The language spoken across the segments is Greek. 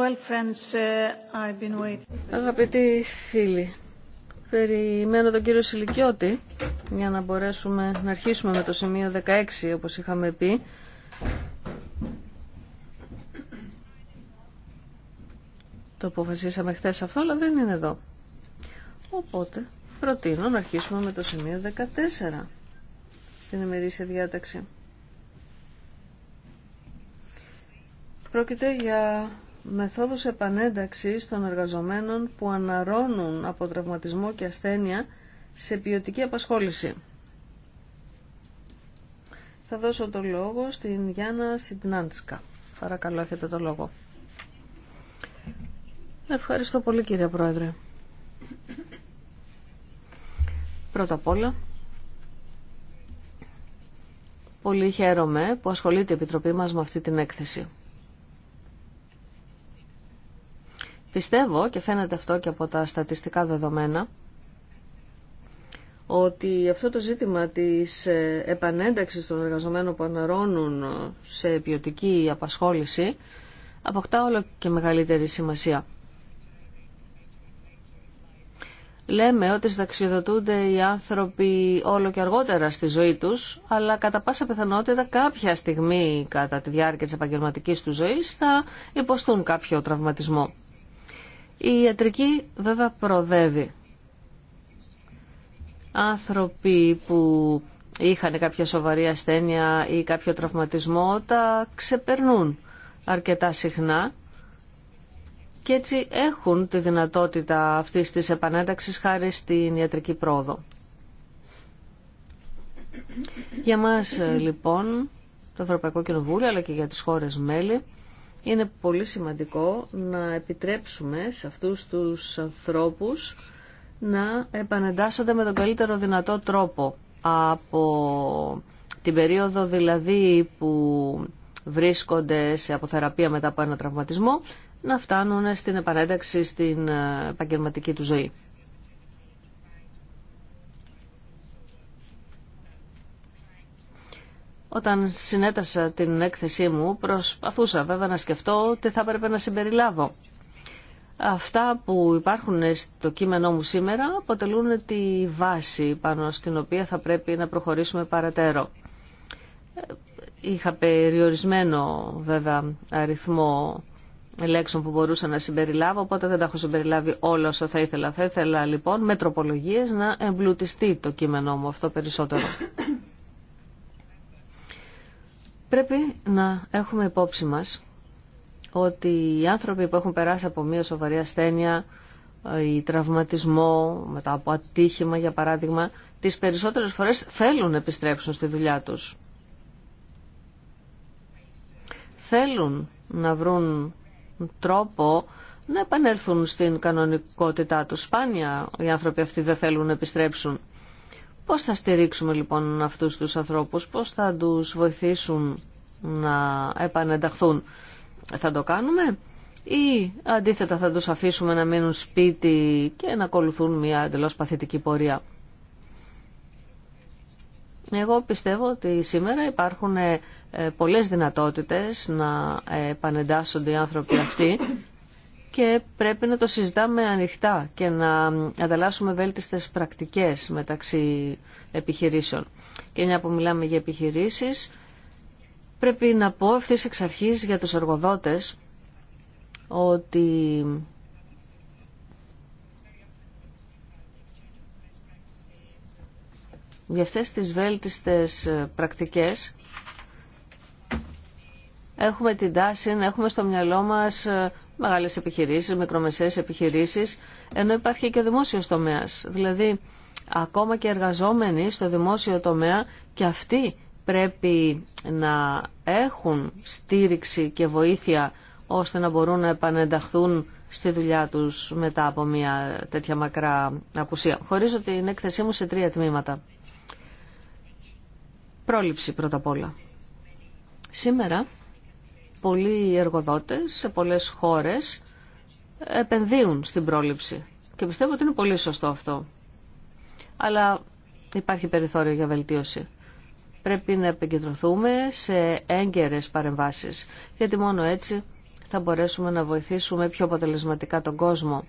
Uh, Αγαπητοί φίλοι, περιμένω τον κύριο Σιλικιώτη για να μπορέσουμε να αρχίσουμε με το σημείο 16 όπως είχαμε πει. Το αποφασίσαμε χθε αυτό, αλλά δεν είναι εδώ. Οπότε προτείνω να αρχίσουμε με το σημείο 14 στην ημερήσια διάταξη. Πρόκειται για μεθόδους επανένταξης των εργαζομένων που αναρώνουν από τραυματισμό και ασθένεια σε ποιοτική απασχόληση. Θα δώσω το λόγο στην Γιάννα Σιντνάντσκα. Παρακαλώ, έχετε το λόγο. Ευχαριστώ πολύ κύριε Πρόεδρε. Πρώτα απ' όλα, πολύ χαίρομαι που ασχολείται η Επιτροπή μας με αυτή την έκθεση. Πιστεύω, και φαίνεται αυτό και από τα στατιστικά δεδομένα, ότι αυτό το ζήτημα της ε, επανένταξης των εργαζομένων που αναρώνουν ε, σε ποιοτική απασχόληση αποκτά όλο και μεγαλύτερη σημασία. Λέμε ότι συνταξιοδοτούνται οι άνθρωποι όλο και αργότερα στη ζωή τους, αλλά κατά πάσα πιθανότητα κάποια στιγμή κατά τη διάρκεια της επαγγελματική του ζωής θα υποστούν κάποιο τραυματισμό. Η ιατρική βέβαια προδεύει. Άνθρωποι που είχαν κάποια σοβαρή ασθένεια ή κάποιο τραυματισμό τα ξεπερνούν αρκετά συχνά και έτσι έχουν τη δυνατότητα αυτής της επανένταξης χάρη στην ιατρική πρόοδο. Για μας λοιπόν το Ευρωπαϊκό Κοινοβούλιο αλλά και για τις χώρες μέλη είναι πολύ σημαντικό να επιτρέψουμε σε αυτούς τους ανθρώπους να επανεντάσσονται με τον καλύτερο δυνατό τρόπο από την περίοδο δηλαδή που βρίσκονται σε αποθεραπεία μετά από ένα τραυματισμό να φτάνουν στην επανένταξη στην επαγγελματική του ζωή. Όταν συνέτασα την έκθεσή μου προσπαθούσα βέβαια να σκεφτώ τι θα έπρεπε να συμπεριλάβω. Αυτά που υπάρχουν στο κείμενό μου σήμερα αποτελούν τη βάση πάνω στην οποία θα πρέπει να προχωρήσουμε παρατέρω. Είχα περιορισμένο βέβαια αριθμό λέξεων που μπορούσα να συμπεριλάβω, οπότε δεν τα έχω συμπεριλάβει όλα όσο θα ήθελα. Θα ήθελα λοιπόν με τροπολογίες να εμπλουτιστεί το κείμενό μου αυτό περισσότερο. Πρέπει να έχουμε υπόψη μας ότι οι άνθρωποι που έχουν περάσει από μια σοβαρή ασθένεια ε, ή τραυματισμό μετά από ατύχημα για παράδειγμα τις περισσότερες φορές θέλουν να επιστρέψουν στη δουλειά τους. Θέλουν να βρουν τρόπο να επανέλθουν στην κανονικότητά τους. Σπάνια οι άνθρωποι αυτοί δεν θέλουν να επιστρέψουν. Πώς θα στηρίξουμε λοιπόν αυτούς τους ανθρώπους, πώς θα τους βοηθήσουν να επανενταχθούν. Θα το κάνουμε ή αντίθετα θα τους αφήσουμε να μείνουν σπίτι και να ακολουθούν μια εντελώς παθητική πορεία. Εγώ πιστεύω ότι σήμερα υπάρχουν ε, πολλές δυνατότητες να ε, επανεντάσσονται οι άνθρωποι αυτοί και πρέπει να το συζητάμε ανοιχτά και να ανταλλάσσουμε βέλτιστες πρακτικές μεταξύ επιχειρήσεων. Και μια που μιλάμε για επιχειρήσεις, πρέπει να πω ευθύ εξ αρχής για τους εργοδότες ότι για αυτές τις βέλτιστες πρακτικές έχουμε την τάση να έχουμε στο μυαλό μας μεγάλες επιχειρήσεις, μικρομεσαίες επιχειρήσεις, ενώ υπάρχει και ο δημόσιος τομέας. Δηλαδή, ακόμα και εργαζόμενοι στο δημόσιο τομέα και αυτοί πρέπει να έχουν στήριξη και βοήθεια ώστε να μπορούν να επανενταχθούν στη δουλειά τους μετά από μια τέτοια μακρά απουσία. Χωρίζω την έκθεσή μου σε τρία τμήματα. Πρόληψη πρώτα απ' όλα. Σήμερα πολλοί εργοδότες σε πολλές χώρες επενδύουν στην πρόληψη. Και πιστεύω ότι είναι πολύ σωστό αυτό. Αλλά υπάρχει περιθώριο για βελτίωση. Πρέπει να επικεντρωθούμε σε έγκαιρες παρεμβάσεις, γιατί μόνο έτσι θα μπορέσουμε να βοηθήσουμε πιο αποτελεσματικά τον κόσμο.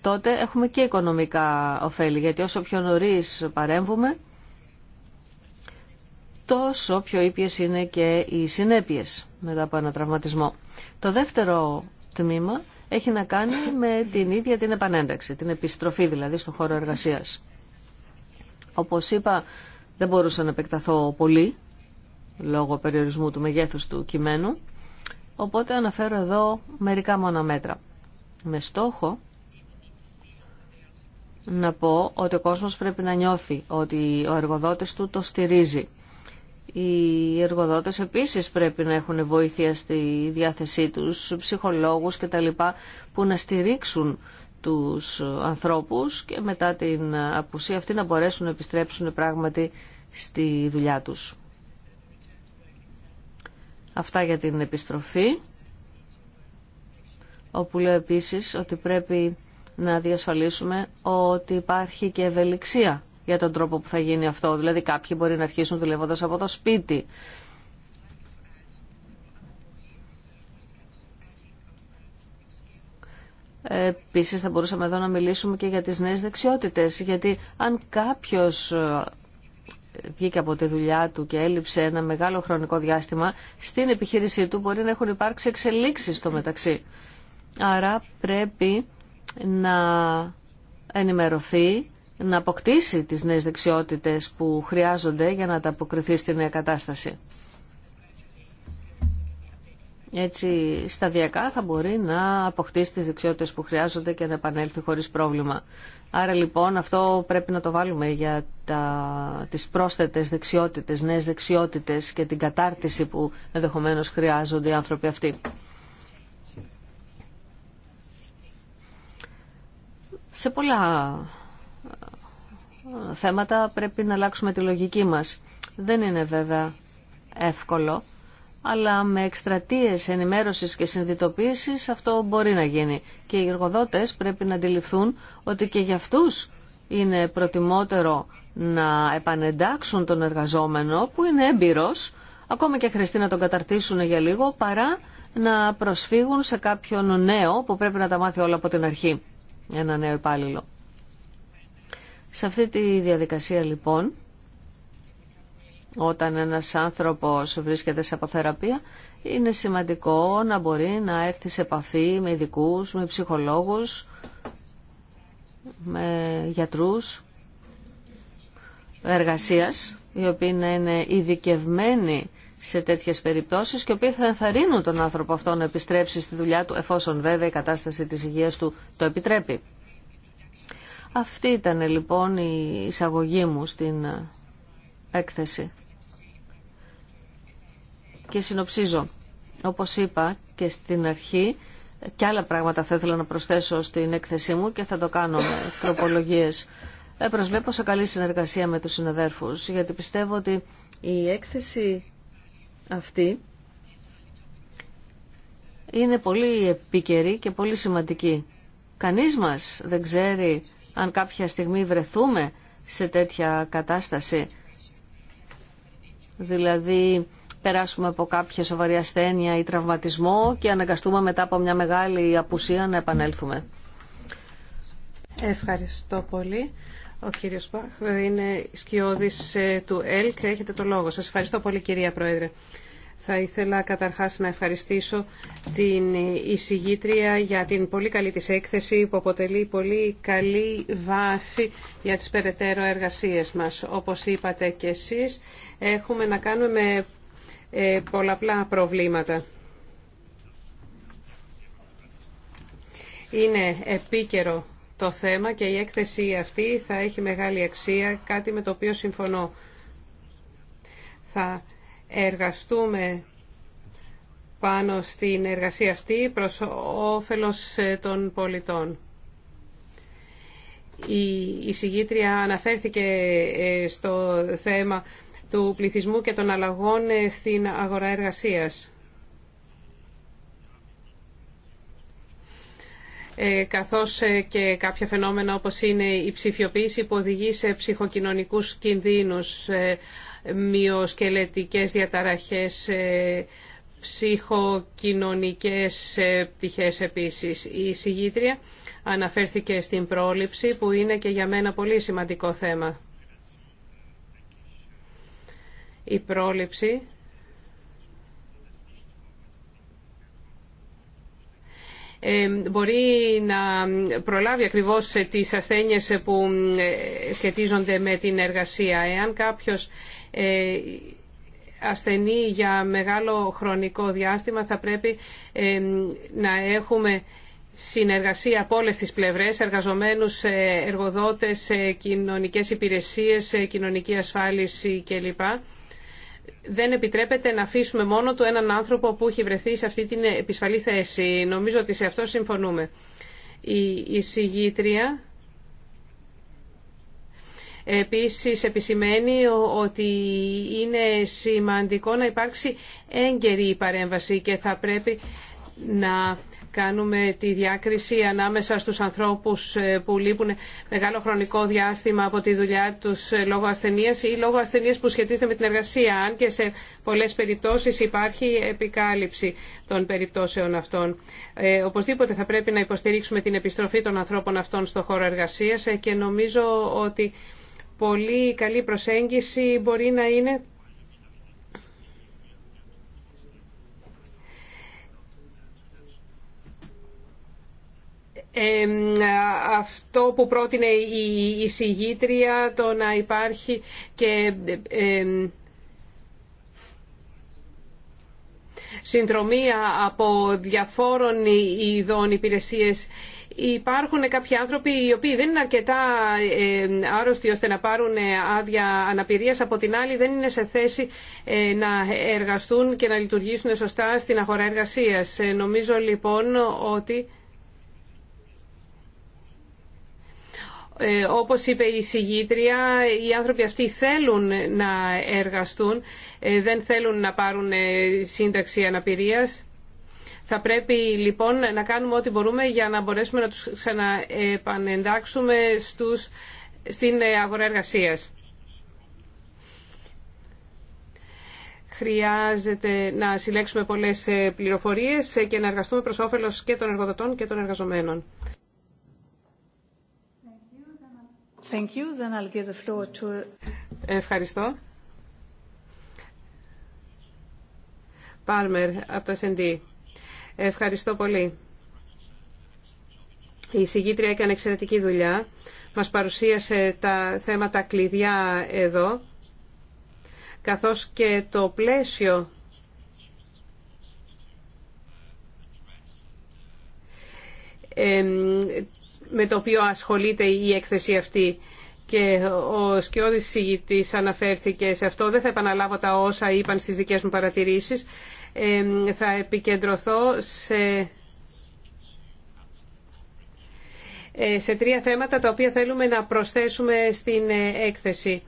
Τότε έχουμε και οικονομικά ωφέλη, γιατί όσο πιο νωρίς παρέμβουμε, τόσο πιο ήπιες είναι και οι συνέπειες μετά από ένα τραυματισμό. Το δεύτερο τμήμα έχει να κάνει με την ίδια την επανένταξη, την επιστροφή δηλαδή στον χώρο εργασίας. Όπως είπα, δεν μπορούσα να επεκταθώ πολύ λόγω περιορισμού του μεγέθους του κειμένου, οπότε αναφέρω εδώ μερικά μόνα μέτρα. Με στόχο να πω ότι ο κόσμος πρέπει να νιώθει ότι ο εργοδότης του το στηρίζει οι εργοδότες επίσης πρέπει να έχουν βοήθεια στη διάθεσή τους, ψυχολόγους και τα λοιπά, που να στηρίξουν τους ανθρώπους και μετά την απουσία αυτή να μπορέσουν να επιστρέψουν πράγματι στη δουλειά τους. Αυτά για την επιστροφή, όπου λέω επίσης ότι πρέπει να διασφαλίσουμε ότι υπάρχει και ευελιξία για τον τρόπο που θα γίνει αυτό. Δηλαδή κάποιοι μπορεί να αρχίσουν δουλεύοντας από το σπίτι. Επίσης θα μπορούσαμε εδώ να μιλήσουμε και για τις νέες δεξιότητες, γιατί αν κάποιος ε, βγήκε από τη δουλειά του και έλειψε ένα μεγάλο χρονικό διάστημα, στην επιχείρησή του μπορεί να έχουν υπάρξει εξελίξεις στο μεταξύ. Άρα πρέπει να ενημερωθεί να αποκτήσει τις νέες δεξιότητες που χρειάζονται για να τα αποκριθεί στην νέα κατάσταση. Έτσι, σταδιακά θα μπορεί να αποκτήσει τις δεξιότητες που χρειάζονται και να επανέλθει χωρίς πρόβλημα. Άρα λοιπόν αυτό πρέπει να το βάλουμε για τα, τις πρόσθετες δεξιότητες, νέες δεξιότητες και την κατάρτιση που ενδεχομένω χρειάζονται οι άνθρωποι αυτοί. Σε πολλά θέματα πρέπει να αλλάξουμε τη λογική μας. Δεν είναι βέβαια εύκολο, αλλά με εκστρατείες ενημέρωσης και συνειδητοποίησης αυτό μπορεί να γίνει. Και οι εργοδότες πρέπει να αντιληφθούν ότι και για αυτούς είναι προτιμότερο να επανεντάξουν τον εργαζόμενο που είναι έμπειρος, ακόμα και χρειαστεί να τον καταρτήσουν για λίγο, παρά να προσφύγουν σε κάποιον νέο που πρέπει να τα μάθει όλα από την αρχή, ένα νέο υπάλληλο. Σε αυτή τη διαδικασία λοιπόν, όταν ένας άνθρωπος βρίσκεται σε αποθεραπεία, είναι σημαντικό να μπορεί να έρθει σε επαφή με ειδικού, με ψυχολόγους, με γιατρούς εργασίας, οι οποίοι να είναι ειδικευμένοι σε τέτοιες περιπτώσεις και οι οποίοι θα ενθαρρύνουν τον άνθρωπο αυτό να επιστρέψει στη δουλειά του, εφόσον βέβαια η κατάσταση της υγείας του το επιτρέπει. Αυτή ήταν λοιπόν η εισαγωγή μου στην ε, έκθεση. Και συνοψίζω, όπως είπα και στην αρχή, και άλλα πράγματα θα ήθελα να προσθέσω στην έκθεσή μου και θα το κάνω με τροπολογίες. Ε, προσβλέπω σε καλή συνεργασία με τους συναδέρφους, γιατί πιστεύω ότι η έκθεση αυτή είναι πολύ επίκαιρη και πολύ σημαντική. Κανείς μας δεν ξέρει αν κάποια στιγμή βρεθούμε σε τέτοια κατάσταση, δηλαδή περάσουμε από κάποια σοβαρή ασθένεια ή τραυματισμό και αναγκαστούμε μετά από μια μεγάλη απουσία να επανέλθουμε. Ευχαριστώ πολύ. Ο κύριος Παχ είναι σκιώδης ε, του ΕΛΚ. Έχετε το λόγο. Σας ευχαριστώ πολύ κυρία Πρόεδρε. Θα ήθελα καταρχάς να ευχαριστήσω την εισηγήτρια για την πολύ καλή της έκθεση που αποτελεί πολύ καλή βάση για τις περαιτέρω εργασίες μας. Όπως είπατε και εσείς, έχουμε να κάνουμε με ε, πολλαπλά προβλήματα. Είναι επίκαιρο το θέμα και η έκθεση αυτή θα έχει μεγάλη αξία, κάτι με το οποίο συμφωνώ. Θα εργαστούμε πάνω στην εργασία αυτή προς όφελος ε, των πολιτών. Η εισηγήτρια αναφέρθηκε ε, στο θέμα του πληθυσμού και των αλλαγών ε, στην αγορά εργασίας. καθώς και κάποια φαινόμενα όπως είναι η ψηφιοποίηση που οδηγεί σε ψυχοκοινωνικούς κινδύνους μειοσκελετικές διαταραχές, ε, ψυχοκοινωνικές ε, πτυχές επίσης. Η συγγήτρια αναφέρθηκε στην πρόληψη που είναι και για μένα πολύ σημαντικό θέμα. Η πρόληψη ε, μπορεί να προλάβει ακριβώς τις ασθένειες που σχετίζονται με την εργασία. Εάν κάποιος ε, ασθενή για μεγάλο χρονικό διάστημα θα πρέπει να έχουμε συνεργασία από όλες τις πλευρές, εργαζομένους, ε, εργοδότες, ε, κοινωνικές υπηρεσίες, κοινωνική ασφάλιση κλπ. Δεν επιτρέπεται να αφήσουμε μόνο του έναν άνθρωπο που έχει βρεθεί σε αυτή την επισφαλή θέση. Νομίζω ότι σε αυτό συμφωνούμε. Η εισηγήτρια Επίσης επισημαίνει ότι είναι σημαντικό να υπάρξει έγκαιρη παρέμβαση και θα πρέπει να κάνουμε τη διάκριση ανάμεσα στους ανθρώπους ε, που λείπουν μεγάλο χρονικό διάστημα από τη δουλειά τους ε, λόγω ασθενείας ή λόγω ασθενείας που σχετίζεται με την εργασία, αν και σε πολλές περιπτώσεις υπάρχει επικάλυψη των περιπτώσεων αυτών. Ε, οπωσδήποτε θα πρέπει να υποστηρίξουμε την επιστροφή των ανθρώπων αυτών στον χώρο εργασίας και νομίζω ότι πολύ καλή προσέγγιση μπορεί να είναι αυτό που πρότεινε η εισηγήτρια, το να υπάρχει και ε, συνδρομία από διαφόρων ειδών υπηρεσίες Υπάρχουν κάποιοι άνθρωποι οι οποίοι δεν είναι αρκετά ε, άρρωστοι ώστε να πάρουν ε, άδεια αναπηρίας, από την άλλη δεν είναι σε θέση ε, να εργαστούν και να λειτουργήσουν σωστά στην αγορά εργασίας. Νομίζω λοιπόν ότι... Όπως είπε η συγγήτρια, οι άνθρωποι αυτοί θέλουν να εργαστούν, δεν θέλουν να πάρουν σύνταξη αναπηρίας. Θα πρέπει λοιπόν να κάνουμε ό,τι μπορούμε για να μπορέσουμε να τους ξαναεπανεντάξουμε στην ε, αγορά εργασίας. Χρειάζεται να συλλέξουμε πολλές ε, πληροφορίες ε, και να εργαστούμε προς όφελος και των εργοδοτών και των εργαζομένων. Thank you. Then I'll give the floor Ευχαριστώ. Palmer από το S&D. Ευχαριστώ πολύ. Η συγγήτρια έκανε εξαιρετική δουλειά. Μας παρουσίασε τα θέματα κλειδιά εδώ, καθώς και το πλαίσιο με το οποίο ασχολείται η έκθεση αυτή και ο σκιώδης συγητής αναφέρθηκε σε αυτό. Δεν θα επαναλάβω τα όσα είπαν στις δικές μου παρατηρήσεις θα επικεντρωθώ σε ε, σε τρία θέματα τα οποία θέλουμε να προσθέσουμε στην ε, έκθεση.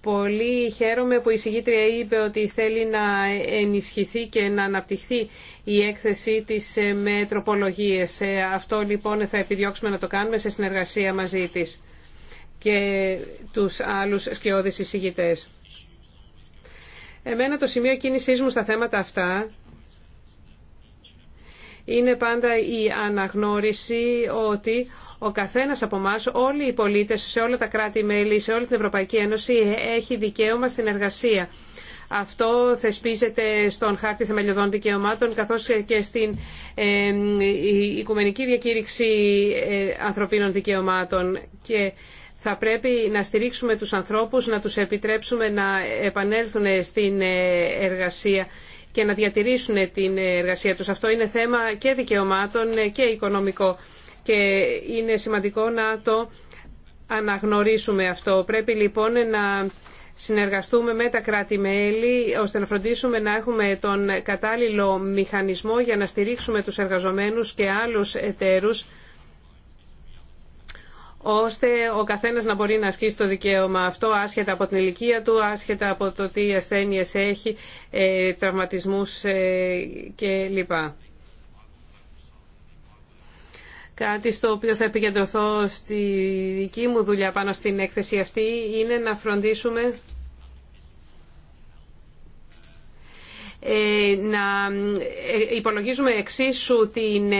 Πολύ χαίρομαι που η συγγήτρια είπε ότι θέλει να ενισχυθεί και να αναπτυχθεί η έκθεσή της ε, με τροπολογίες. Αυτό λοιπόν θα επιδιώξουμε να το κάνουμε σε συνεργασία μαζί της και τους άλλους σκιώδεις συγγητές. Εμένα το σημείο κίνησής μου στα θέματα αυτά είναι πάντα η αναγνώριση ότι ο καθένας από εμά, όλοι οι πολίτες σε όλα τα κράτη-μέλη, σε όλη την Ευρωπαϊκή Ένωση έχει δικαίωμα στην εργασία. Αυτό θεσπίζεται στον χάρτη θεμελιωδών δικαιωμάτων καθώς και στην ε, Οικουμενική Διακήρυξη ε, Ανθρωπίνων Δικαιωμάτων και θα πρέπει να στηρίξουμε τους ανθρώπους, να τους επιτρέψουμε να επανέλθουν στην ε, εργασία και να διατηρήσουν την εργασία τους. Αυτό είναι θέμα και δικαιωμάτων ε, και οικονομικό και είναι σημαντικό να το αναγνωρίσουμε αυτό. Πρέπει λοιπόν να συνεργαστούμε με τα κράτη-μέλη ώστε να φροντίσουμε να έχουμε τον κατάλληλο μηχανισμό για να στηρίξουμε τους εργαζομένους και άλλους εταίρους ώστε ο καθένα να μπορεί να ασκήσει το δικαίωμα αυτό άσχετα από την ηλικία του, άσχετα από το τι ασθένειε έχει, ε, τραυματισμούς ε, κλπ. Κάτι στο οποίο θα επικεντρωθώ στη δική μου δουλειά πάνω στην έκθεση αυτή είναι να φροντίσουμε ε, να υπολογίζουμε εξίσου την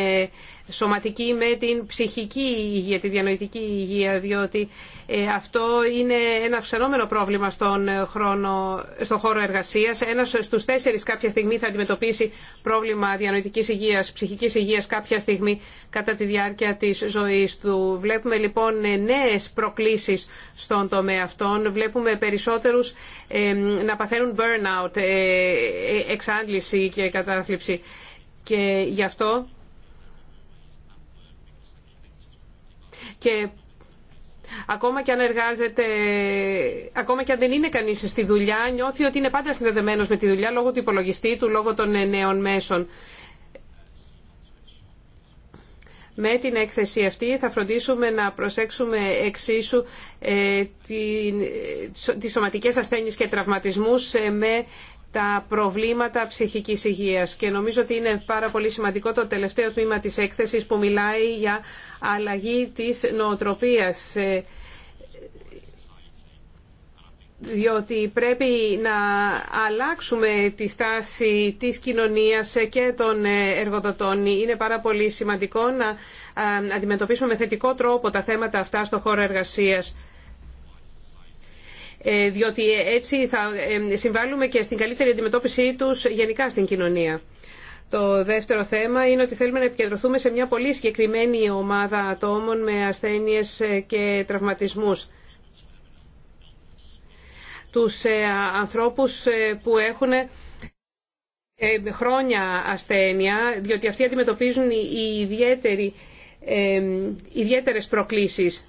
σωματική με την ψυχική υγεία, τη διανοητική υγεία, διότι ε, αυτό είναι ένα αυξανόμενο πρόβλημα στον, ε, χρόνο, στον χώρο εργασίας. Ένας στους τέσσερις κάποια στιγμή θα αντιμετωπίσει πρόβλημα διανοητικής υγείας, ψυχικής υγείας κάποια στιγμή κατά τη διάρκεια της ζωής του. Βλέπουμε λοιπόν ε, νέες προκλήσεις στον τομέα αυτών. Βλέπουμε περισσότερους να παθαίνουν burnout, εξάντληση και κατάθλιψη. Και γι' αυτό Και Ακόμα και αν εργάζεται, ακόμα και αν δεν είναι κανείς στη δουλειά, νιώθει ότι είναι πάντα συνδεδεμένος με τη δουλειά λόγω του υπολογιστή του, λόγω των νέων μέσων. Με την έκθεση αυτή θα φροντίσουμε να προσέξουμε εξίσου ε, ε τις σωματικές ασθένειες και τραυματισμούς ε, με τα προβλήματα ψυχικής υγείας και νομίζω ότι είναι πάρα πολύ σημαντικό το τελευταίο τμήμα της έκθεσης που μιλάει για αλλαγή της νοοτροπίας ε, διότι πρέπει να αλλάξουμε τη στάση της κοινωνίας και των ε, εργοδοτών. Είναι πάρα πολύ σημαντικό να ε, αντιμετωπίσουμε με θετικό τρόπο τα θέματα αυτά στο χώρο εργασίας. Ε, διότι έτσι θα συμβάλλουμε και στην καλύτερη αντιμετώπιση τους γενικά στην κοινωνία. Το δεύτερο θέμα είναι ότι θέλουμε να επικεντρωθούμε σε μια πολύ συγκεκριμένη ομάδα ατόμων με ασθένειες ε, και τραυματισμούς. Τους ε, ανθρώπους που έχουν χρόνια ασθένεια, διότι αυτοί αντιμετωπίζουν ιδιαίτερη, ιδιαίτερες προκλήσεις.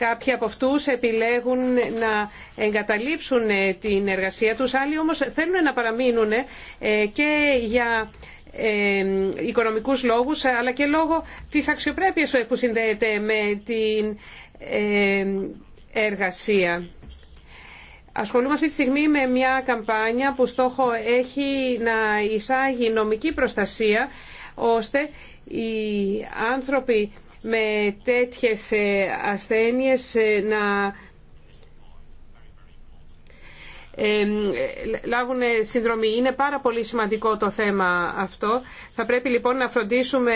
Κάποιοι από αυτούς επιλέγουν να εγκαταλείψουν ε, την εργασία τους, άλλοι όμως θέλουν να παραμείνουν ε, και για ε, οικονομικούς λόγους αλλά και λόγω της αξιοπρέπειας που συνδέεται με την εργασία. Ασχολούμαι αυτή τη στιγμή με μια καμπάνια που στόχο έχει να εισάγει νομική προστασία ώστε οι άνθρωποι με τέτοιες ε, ασθένειες ε, να ε, λάβουν συνδρομή. Είναι πάρα πολύ σημαντικό το θέμα αυτό. Θα πρέπει λοιπόν να φροντίσουμε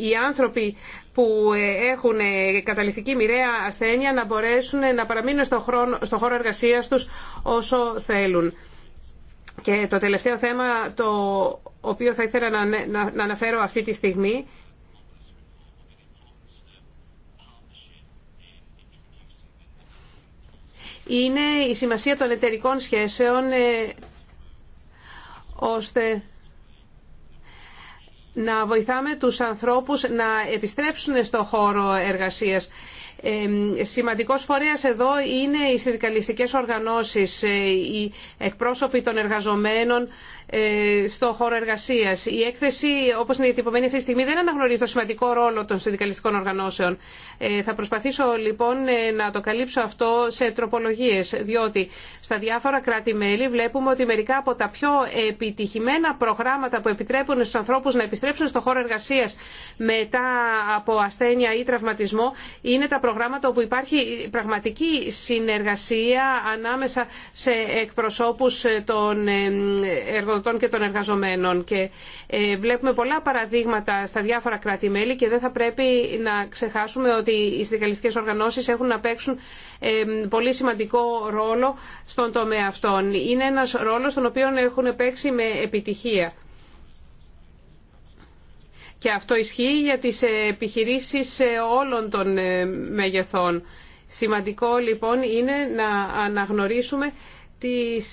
οι άνθρωποι που έχουν καταληκτική μοιραία ασθένεια να μπορέσουν να παραμείνουν στο, χρόνο, στο χώρο εργασίας τους όσο θέλουν. Και το τελευταίο θέμα το οποίο θα ήθελα να αναφέρω αυτή τη στιγμή είναι η σημασία των εταιρικών σχέσεων ε, ώστε να βοηθάμε τους ανθρώπους να επιστρέψουν στο χώρο εργασίας. Ε, σημαντικός φορέας εδώ είναι οι συνδικαλιστικές οργανώσεις, ε, οι εκπρόσωποι των εργαζομένων ε, στο χώρο εργασία. Η έκθεση, όπω είναι διατυπωμένη αυτή τη στιγμή, δεν αναγνωρίζει το σημαντικό ρόλο των συνδικαλιστικών οργανώσεων. Ε, θα προσπαθήσω λοιπόν ε, να το καλύψω αυτό σε τροπολογίε, διότι στα διάφορα κράτη-μέλη βλέπουμε ότι μερικά από τα πιο επιτυχημένα προγράμματα που επιτρέπουν στου ανθρώπου να επιστρέψουν στο χώρο εργασία μετά από ασθένεια ή τραυματισμό είναι τα προγράμματα όπου υπάρχει πραγματική συνεργασία ανάμεσα σε εκπροσώπους των εργοδοτών καταναλωτών και των εργαζομένων. Και ε, βλέπουμε πολλά παραδείγματα στα διάφορα κράτη-μέλη και δεν θα πρέπει να ξεχάσουμε ότι οι συνδικαλιστικές οργανώσεις έχουν να παίξουν ε, πολύ σημαντικό ρόλο στον τομέα αυτών. Είναι ένας ρόλος τον οποίο έχουν παίξει με επιτυχία. Και αυτό ισχύει για τις ε, επιχειρήσεις όλων των μεγεθών. Σημαντικό λοιπόν είναι να αναγνωρίσουμε τις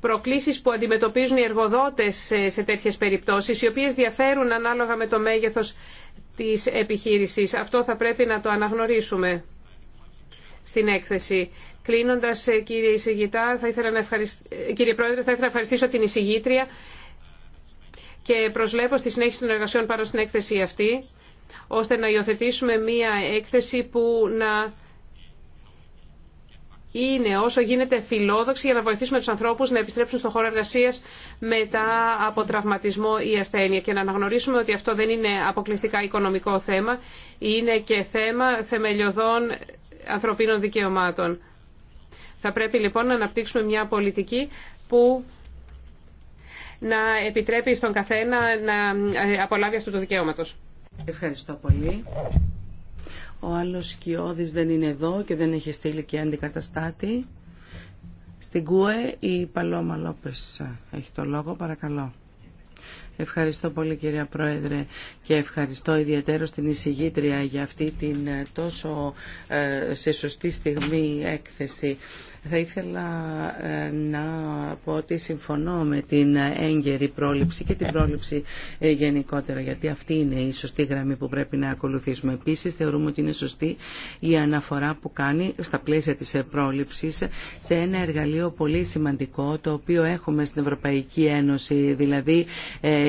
προκλήσεις που αντιμετωπίζουν οι εργοδότες σε τέτοιες περιπτώσεις, οι οποίες διαφέρουν ανάλογα με το μέγεθος της επιχείρησης. Αυτό θα πρέπει να το αναγνωρίσουμε στην έκθεση. Κλείνοντας, ε, κύριε, θα ήθελα να ευχαριστήσω ε, κύριε Πρόεδρε, θα ήθελα να ευχαριστήσω την εισηγήτρια και προσλέπω στη συνέχιση των εργασιών πάνω στην έκθεση αυτή, ώστε να υιοθετήσουμε μία έκθεση που να είναι όσο γίνεται φιλόδοξη για να βοηθήσουμε τους ανθρώπους να επιστρέψουν στον χώρο εργασίας μετά από τραυματισμό ή ασθένεια και να αναγνωρίσουμε ότι αυτό δεν είναι αποκλειστικά οικονομικό θέμα, είναι και θέμα θεμελιωδών ανθρωπίνων δικαιωμάτων. Θα πρέπει λοιπόν να αναπτύξουμε μια πολιτική που να επιτρέπει στον καθένα να ε, απολάβει αυτού του δικαιώματος. Ευχαριστώ πολύ. Ο άλλος Σκιώδης δεν είναι εδώ και δεν έχει στείλει και αντικαταστάτη. Στην ΚΟΕ η Παλώμα Λόπες έχει το λόγο, παρακαλώ. Ευχαριστώ πολύ κυρία Πρόεδρε και ευχαριστώ ιδιαίτερο την εισηγήτρια για αυτή την ε, τόσο ε, σε σωστή στιγμή έκθεση. Θα ήθελα ε, να πω ότι συμφωνώ με την έγκαιρη πρόληψη και την πρόληψη ε, γενικότερα, γιατί αυτή είναι η σωστή γραμμή που πρέπει να ακολουθήσουμε. Επίση, θεωρούμε ότι είναι σωστή η αναφορά που κάνει στα πλαίσια της ε, πρόληψη σε ένα εργαλείο πολύ σημαντικό, το οποίο έχουμε στην Ευρωπαϊκή Ένωση, δηλαδή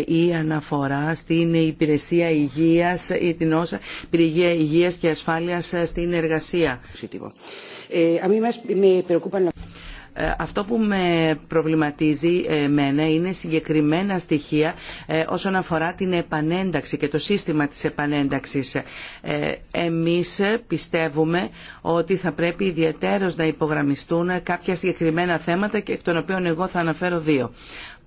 η αναφορά στην υπηρεσία υγεία ή την όσα και ασφάλεια στην εργασία. Ε, ε, αυτό που με προβληματίζει εμένα είναι συγκεκριμένα στοιχεία ε, όσον αφορά την επανένταξη και το σύστημα της επανένταξης. Ε, εμείς πιστεύουμε ότι θα πρέπει ιδιαίτερος να υπογραμμιστούν κάποια συγκεκριμένα θέματα και εκ των οποίων εγώ θα αναφέρω δύο.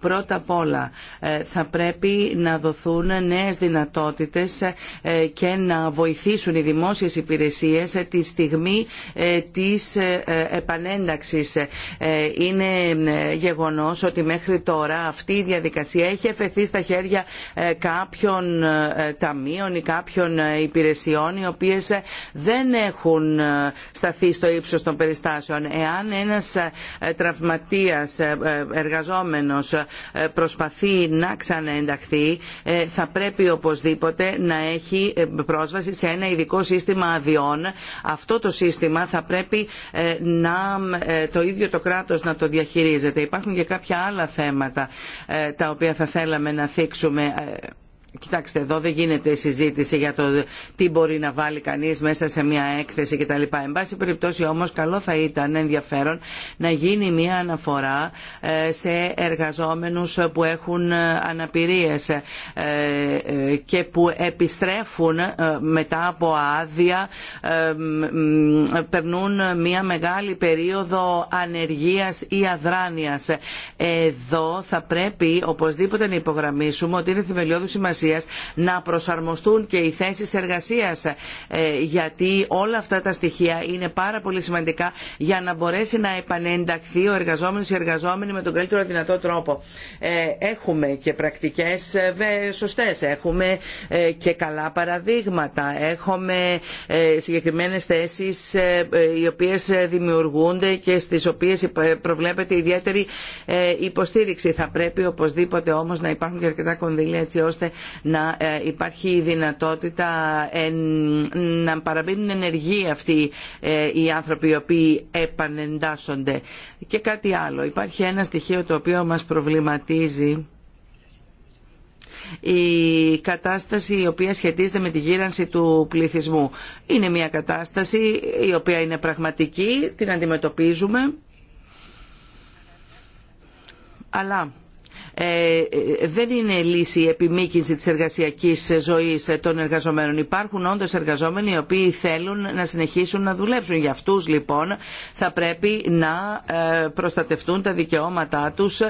Πρώτα απ' όλα ε, θα πρέπει να δοθούν νέες δυνατότητες ε, και να βοηθήσουν οι δημόσιες υπηρεσίες ε, τη στιγμή της επανένταξης. Είναι γεγονός ότι μέχρι τώρα αυτή η διαδικασία έχει εφεθεί στα χέρια κάποιων ταμείων ή κάποιων υπηρεσιών οι οποίες δεν έχουν σταθεί στο ύψος των περιστάσεων. Εάν ένας τραυματίας εργαζόμενος ε, προσπαθεί να ξαναενταχθεί ε, θα πρέπει οπωσδήποτε να έχει ε, πρόσβαση σε ένα ειδικό σύστημα αδειών. Αυτό το σύστημα θα πρέπει να το ίδιο το κράτος να το διαχειρίζεται. Υπάρχουν και κάποια άλλα θέματα τα οποία θα θέλαμε να θίξουμε Κοιτάξτε, εδώ δεν γίνεται συζήτηση για το τι μπορεί να βάλει κανεί μέσα σε μια έκθεση κτλ. Εν πάση περιπτώσει όμω καλό θα ήταν ενδιαφέρον να γίνει μια αναφορά ε, σε εργαζόμενου που έχουν ε, αναπηρίε ε, και που επιστρέφουν μετά από άδεια, περνούν μια μεγάλη περίοδο ανεργίας ή αδράνειας. Εδώ θα πρέπει οπωσδήποτε να υπογραμμίσουμε ότι είναι θεμελιώδη σημασία να προσαρμοστούν και οι θέσεις εργασίας ε, γιατί όλα αυτά τα στοιχεία είναι πάρα πολύ σημαντικά για να μπορέσει να επανενταχθεί ο εργαζόμενος ή εργαζόμενη με τον καλύτερο δυνατό τρόπο. Ε, έχουμε και πρακτικές ε, σωστές, έχουμε και καλά παραδείγματα, έχουμε συγκεκριμένες θέσεις οι οποίες δημιουργούνται και στι οποίε προβλέπεται ιδιαίτερη υποστήριξη. Θα πρέπει οπωσδήποτε όμω να υπάρχουν και αρκετά κονδύλια έτσι ώστε να ε, υπάρχει η δυνατότητα ε, να παραμείνουν ενεργοί αυτοί ε, οι άνθρωποι οι οποίοι επανεντάσσονται. Και κάτι άλλο. Υπάρχει ένα στοιχείο το οποίο μας προβληματίζει η κατάσταση η οποία σχετίζεται με τη γύρανση του πληθυσμού. Είναι μια κατάσταση η οποία είναι πραγματική, την αντιμετωπίζουμε. Αλλά ε, ε, δεν είναι λύση η επιμήκυνση της εργασιακής ζωής των εργαζομένων. Υπάρχουν όντως εργαζόμενοι οι οποίοι θέλουν να συνεχίσουν να δουλέψουν. Για αυτούς λοιπόν θα πρέπει να ε, προστατευτούν τα δικαιώματά τους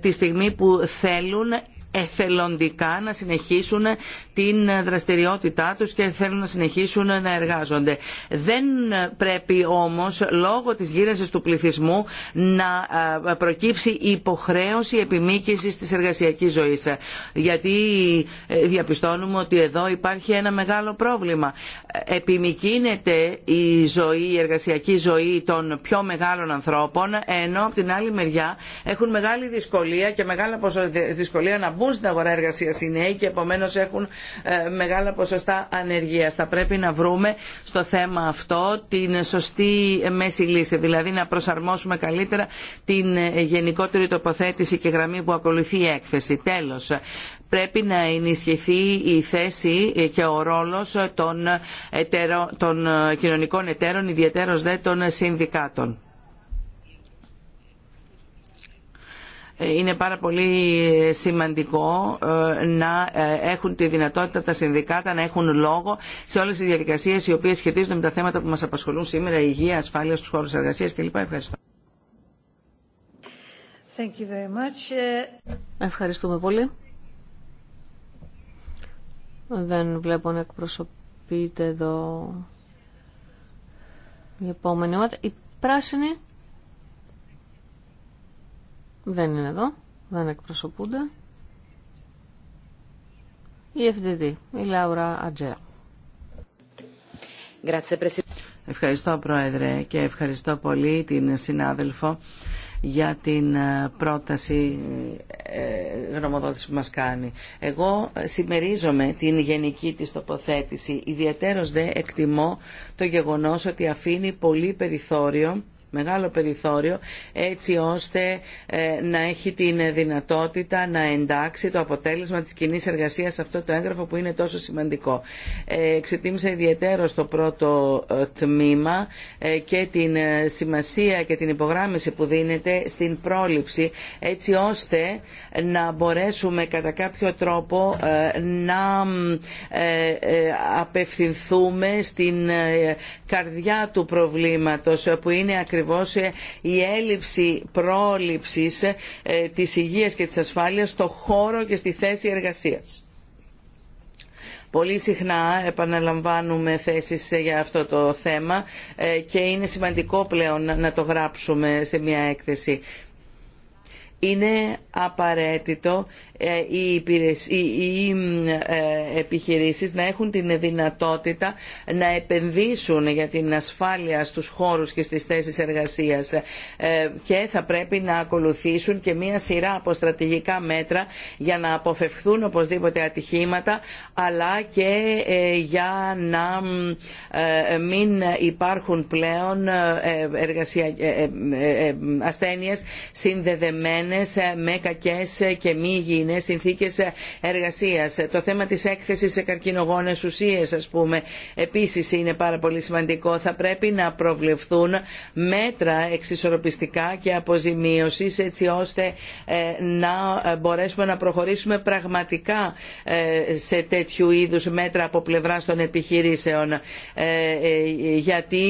τη στιγμή που θέλουν εθελοντικά να συνεχίσουν την δραστηριότητά τους και θέλουν να συνεχίσουν να εργάζονται. Δεν πρέπει όμως λόγω της γύρανσης του πληθυσμού να ε, προκύψει υποχρέωση επιμήκυσης της εργασιακής ζωής. Γιατί ε, διαπιστώνουμε ότι εδώ υπάρχει ένα μεγάλο πρόβλημα. Επιμηκύνεται η ζωή, η εργασιακή ζωή των πιο μεγάλων ανθρώπων ενώ από την άλλη μεριά έχουν μεγάλη δυσκολία και μεγάλα δυσκολία να μπουν στην αγορά εργασία οι νέοι και επομένως έχουν ε, μεγάλα ποσοστά ανεργίας. Θα πρέπει να βρούμε στο θέμα αυτό την σωστή μέση λύση, δηλαδή να προσαρμόσουμε καλύτερα την ε, γενικότερη τοποθέτηση και γραμμή που ακολουθεί η έκθεση. Τέλος, πρέπει να ενισχυθεί η θέση ε, και ο ρόλος των, των κοινωνικών εταίρων, ιδιαίτερω δε των συνδικάτων. είναι πάρα πολύ σημαντικό ε, να ε, έχουν τη δυνατότητα τα συνδικάτα να έχουν λόγο σε όλες τις διαδικασίες οι οποίες σχετίζονται με τα θέματα που μας απασχολούν σήμερα, υγεία, ασφάλεια στους χώρους εργασίας κλπ. Ευχαριστώ. Thank you very much. Ευχαριστούμε πολύ. Δεν βλέπω να εκπροσωπείται εδώ η επόμενη ομάδα. Η πράσινη δεν είναι εδώ. Δεν εκπροσωπούνται. Η FDD, η Λάουρα Ατζέα. Ευχαριστώ Πρόεδρε και ευχαριστώ πολύ την συνάδελφο για την ε, πρόταση ε, γνωμοδότηση που μας κάνει. Εγώ συμμερίζομαι την γενική της τοποθέτηση. Ιδιαίτερος δε εκτιμώ το γεγονός ότι αφήνει πολύ περιθώριο μεγάλο περιθώριο έτσι ώστε ε, να έχει την δυνατότητα να εντάξει το αποτέλεσμα της κοινή εργασίας σε αυτό το έγγραφο που είναι τόσο σημαντικό. Ε, εξετίμησα ιδιαίτερο στο πρώτο ε, τμήμα και την σημασία και την υπογράμμιση που δίνεται στην πρόληψη έτσι ώστε να μπορέσουμε κατά κάποιο τρόπο να απευθυνθούμε στην καρδιά του προβλήματος που είναι ακριβώς ακριβώς ε, η έλλειψη πρόληψης ε, της υγείας και της ασφάλειας στο χώρο και στη θέση εργασίας. Πολύ συχνά επαναλαμβάνουμε θέσεις ε, για αυτό το θέμα και είναι σημαντικό πλέον να το γράψουμε σε μια έκθεση. Είναι απαραίτητο ε, οι ε, επιχειρήσεις να έχουν την δυνατότητα να επενδύσουν για την ασφάλεια στους χώρους και στις θέσεις εργασίας ε, και θα πρέπει να ακολουθήσουν και μία σειρά από στρατηγικά μέτρα για να αποφευχθούν οπωσδήποτε ατυχήματα αλλά και για να μην υπάρχουν πλέον εργασία, ασθένειες συνδεδεμένες με κακές και μη υγιεινές συνθήκες εργασίας. Το θέμα της έκθεσης σε καρκινογόνε ουσίες, ας πούμε, επίση είναι πάρα πολύ σημαντικό. Θα πρέπει να προβλεφθούν μέτρα εξισορροπιστικά και αποζημίωση, έτσι ώστε ε, να μπορέσουμε να προχωρήσουμε πραγματικά ε, σε τέτοιου είδους μέτρα από πλευρά των επιχειρήσεων. Ε, γιατί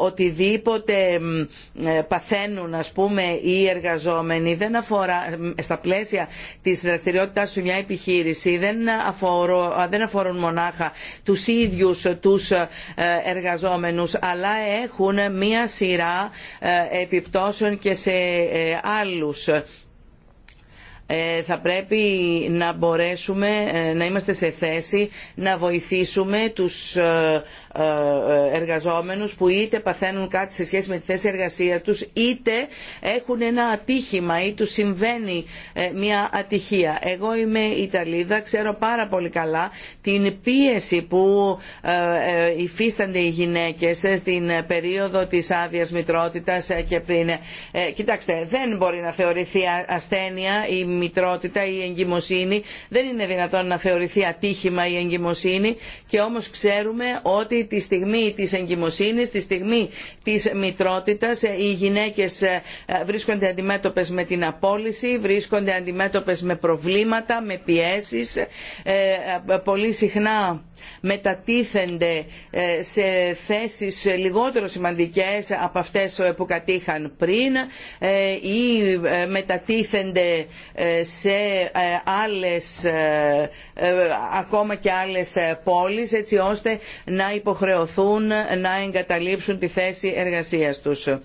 οτιδήποτε παθαίνουν, ας πούμε, οι εργαζόμενοι δεν αφορά στα πλαίσια πλαίσια της δραστηριότητάς μια επιχείρηση δεν, δεν αφορούν μονάχα τους ίδιους τους ε, εργαζόμενους αλλά έχουν μια σειρά ε, επιπτώσεων και σε ε, άλλους θα πρέπει να μπορέσουμε να είμαστε σε θέση να βοηθήσουμε τους ε, ε, εργαζόμενους που είτε παθαίνουν κάτι σε σχέση με τη θέση εργασία τους είτε έχουν ένα ατύχημα ή τους συμβαίνει ε, μια ατυχία. Εγώ είμαι Ιταλίδα, ξέρω πάρα πολύ καλά την πίεση που υφίστανται οι γυναίκες στην περίοδο της άδειας μητρότητας και πριν. Κοιτάξτε, δεν μπορεί να θεωρηθεί ασθένεια η μητρότητα ή η εγκυμοσύνη, δεν είναι δυνατόν να θεωρηθεί ατύχημα η εγκυμοσύνη και όμως ξέρουμε ότι τη στιγμή της εγκυμοσύνης, τη στιγμή της μητρότητας ε, οι γυναίκες ε, βρίσκονται αντιμέτωπες με την απόλυση, βρίσκονται αντιμέτωπες με προβλήματα, με πιέσεις, ε, πολύ συχνά μετατίθενται σε θέσεις λιγότερο σημαντικές από αυτές που κατήχαν πριν ή μετατίθενται σε άλλες ε, ακόμα και άλλες ε, πόλεις έτσι ώστε να υποχρεωθούν να εγκαταλείψουν τη θέση εργασίας τους ε,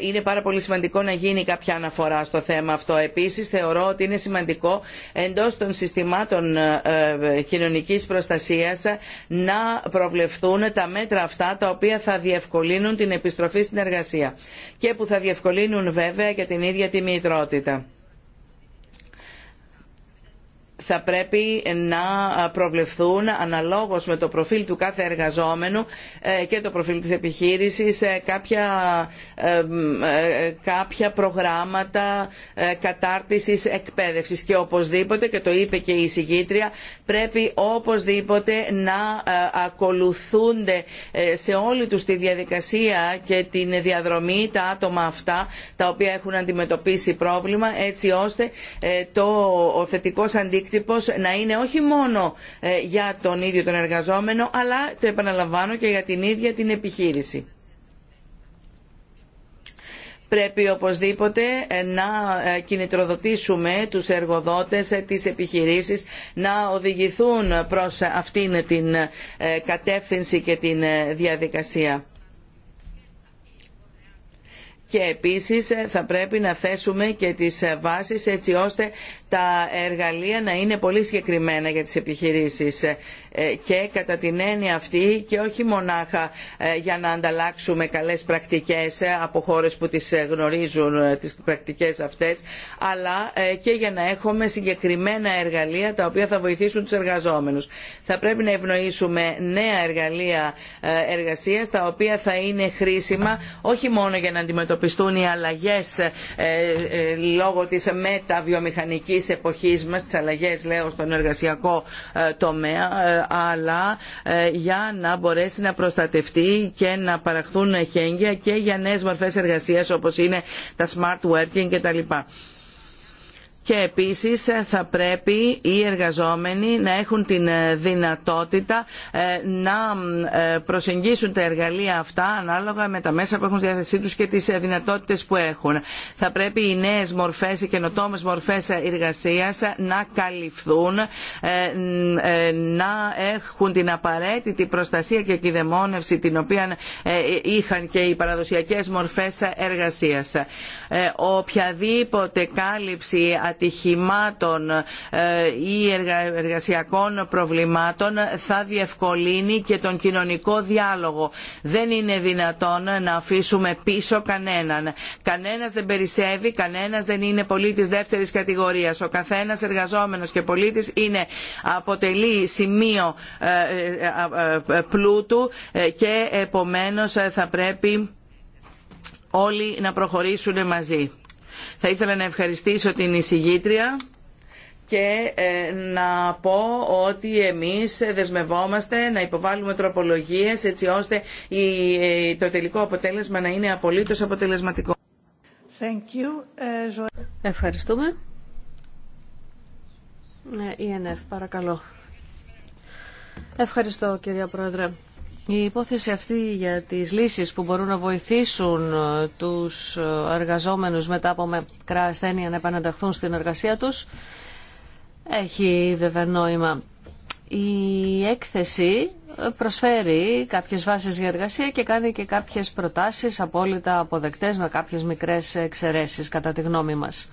είναι πάρα πολύ σημαντικό να γίνει κάποια αναφορά στο θέμα αυτό. επίσης θεωρώ ότι είναι σημαντικό εντός των συστημάτων κοινωνικής προστασίας να προβλεφθούν τα μέτρα αυτά τα οποία θα διευκολύνουν την επιστροφή στην εργασία και που θα διευκολύνουν βέβαια και την ίδια τη μητρότητα θα πρέπει να προβλεφθούν αναλόγως με το προφίλ του κάθε εργαζόμενου ε, και το προφίλ της επιχείρησης ε, κάποια, ε, κάποια προγράμματα κατάρτισης εκπαίδευσης και οπωσδήποτε και το είπε και η συγκήτρια πρέπει οπωσδήποτε να ακολουθούνται σε όλη τους τη διαδικασία και την διαδρομή τα άτομα αυτά τα οποία έχουν αντιμετωπίσει πρόβλημα έτσι ώστε το θετικός αντίκτυπος να είναι όχι μόνο ε, για τον ίδιο τον εργαζόμενο αλλά το επαναλαμβάνω και για την ίδια την επιχείρηση πρέπει οπωσδήποτε ε, να ε, κινητροδοτήσουμε τους εργοδότες τις επιχειρήσεις να οδηγηθούν προς αυτήν την κατεύθυνση και την διαδικασία και επίσης θα πρέπει να θέσουμε και τις βάσεις έτσι ώστε τα εργαλεία να είναι πολύ συγκεκριμένα για τις επιχειρήσεις ε, και κατά την έννοια αυτή και όχι μονάχα ε, για να ανταλλάξουμε καλές πρακτικές ε, από χώρες που τις γνωρίζουν τις πρακτικές αυτές αλλά και για να έχουμε συγκεκριμένα εργαλεία τα οποία θα βοηθήσουν τους εργαζόμενους. Θα πρέπει να ευνοήσουμε νέα εργαλεία εργασίας τα οποία θα είναι χρήσιμα όχι μόνο για να αντιμετωπιστούν οι αλλαγές λόγω της μεταβιομηχανικής της εποχής μας, τις αλλαγές λέω στον εργασιακό ε, τομέα, ε, αλλά ε, για να μπορέσει να προστατευτεί και να παραχθούν χέγγια και για νέες μορφές εργασίας όπως είναι τα smart working κτλ και επίσης ε, θα πρέπει οι εργαζόμενοι να έχουν την ε, δυνατότητα ε, να προσεγγίσουν τα εργαλεία αυτά ανάλογα με τα μέσα που έχουν στη διάθεσή τους και τις δυνατότητες που έχουν. Θα πρέπει οι νέες μορφές, οι καινοτόμες μορφές εργασίας να καλυφθούν, να έχουν την απαραίτητη προστασία και κυδεμόνευση την οποία είχαν και οι παραδοσιακές μορφές εργασίας. Οποιαδήποτε κάλυψη ατυχημάτων ε, ή εργασιακών προβλημάτων θα διευκολύνει και τον κοινωνικό διάλογο. Δεν είναι δυνατόν να αφήσουμε πίσω κανέναν. Κανένας δεν περισσεύει, κανένας δεν είναι πολίτης δεύτερης κατηγορίας. Ο καθένας εργαζόμενος και πολίτης είναι, αποτελεί σημείο ε, ε, πλούτου και επομένως θα πρέπει όλοι να προχωρήσουν μαζί. Θα ήθελα να ευχαριστήσω την εισηγήτρια και ε, να πω ότι εμείς δεσμευόμαστε να υποβάλουμε τροπολογίες έτσι ώστε ε, το τελικό αποτέλεσμα να είναι απολύτως αποτελεσματικό. Thank you. Ε, Ευχαριστούμε. Ναι, παρακαλώ. Ευχαριστώ κυρία Πρόεδρε. Η υπόθεση αυτή για τις λύσεις που μπορούν να βοηθήσουν ε, τους ε, εργαζόμενους μετά από μεκρά ασθένεια να επαναταχθούν στην εργασία τους έχει βέβαια νόημα. Η έκθεση ε, προσφέρει κάποιες βάσεις για εργασία και κάνει και κάποιες προτάσεις απόλυτα αποδεκτές με κάποιες μικρές εξαιρέσεις κατά τη γνώμη μας.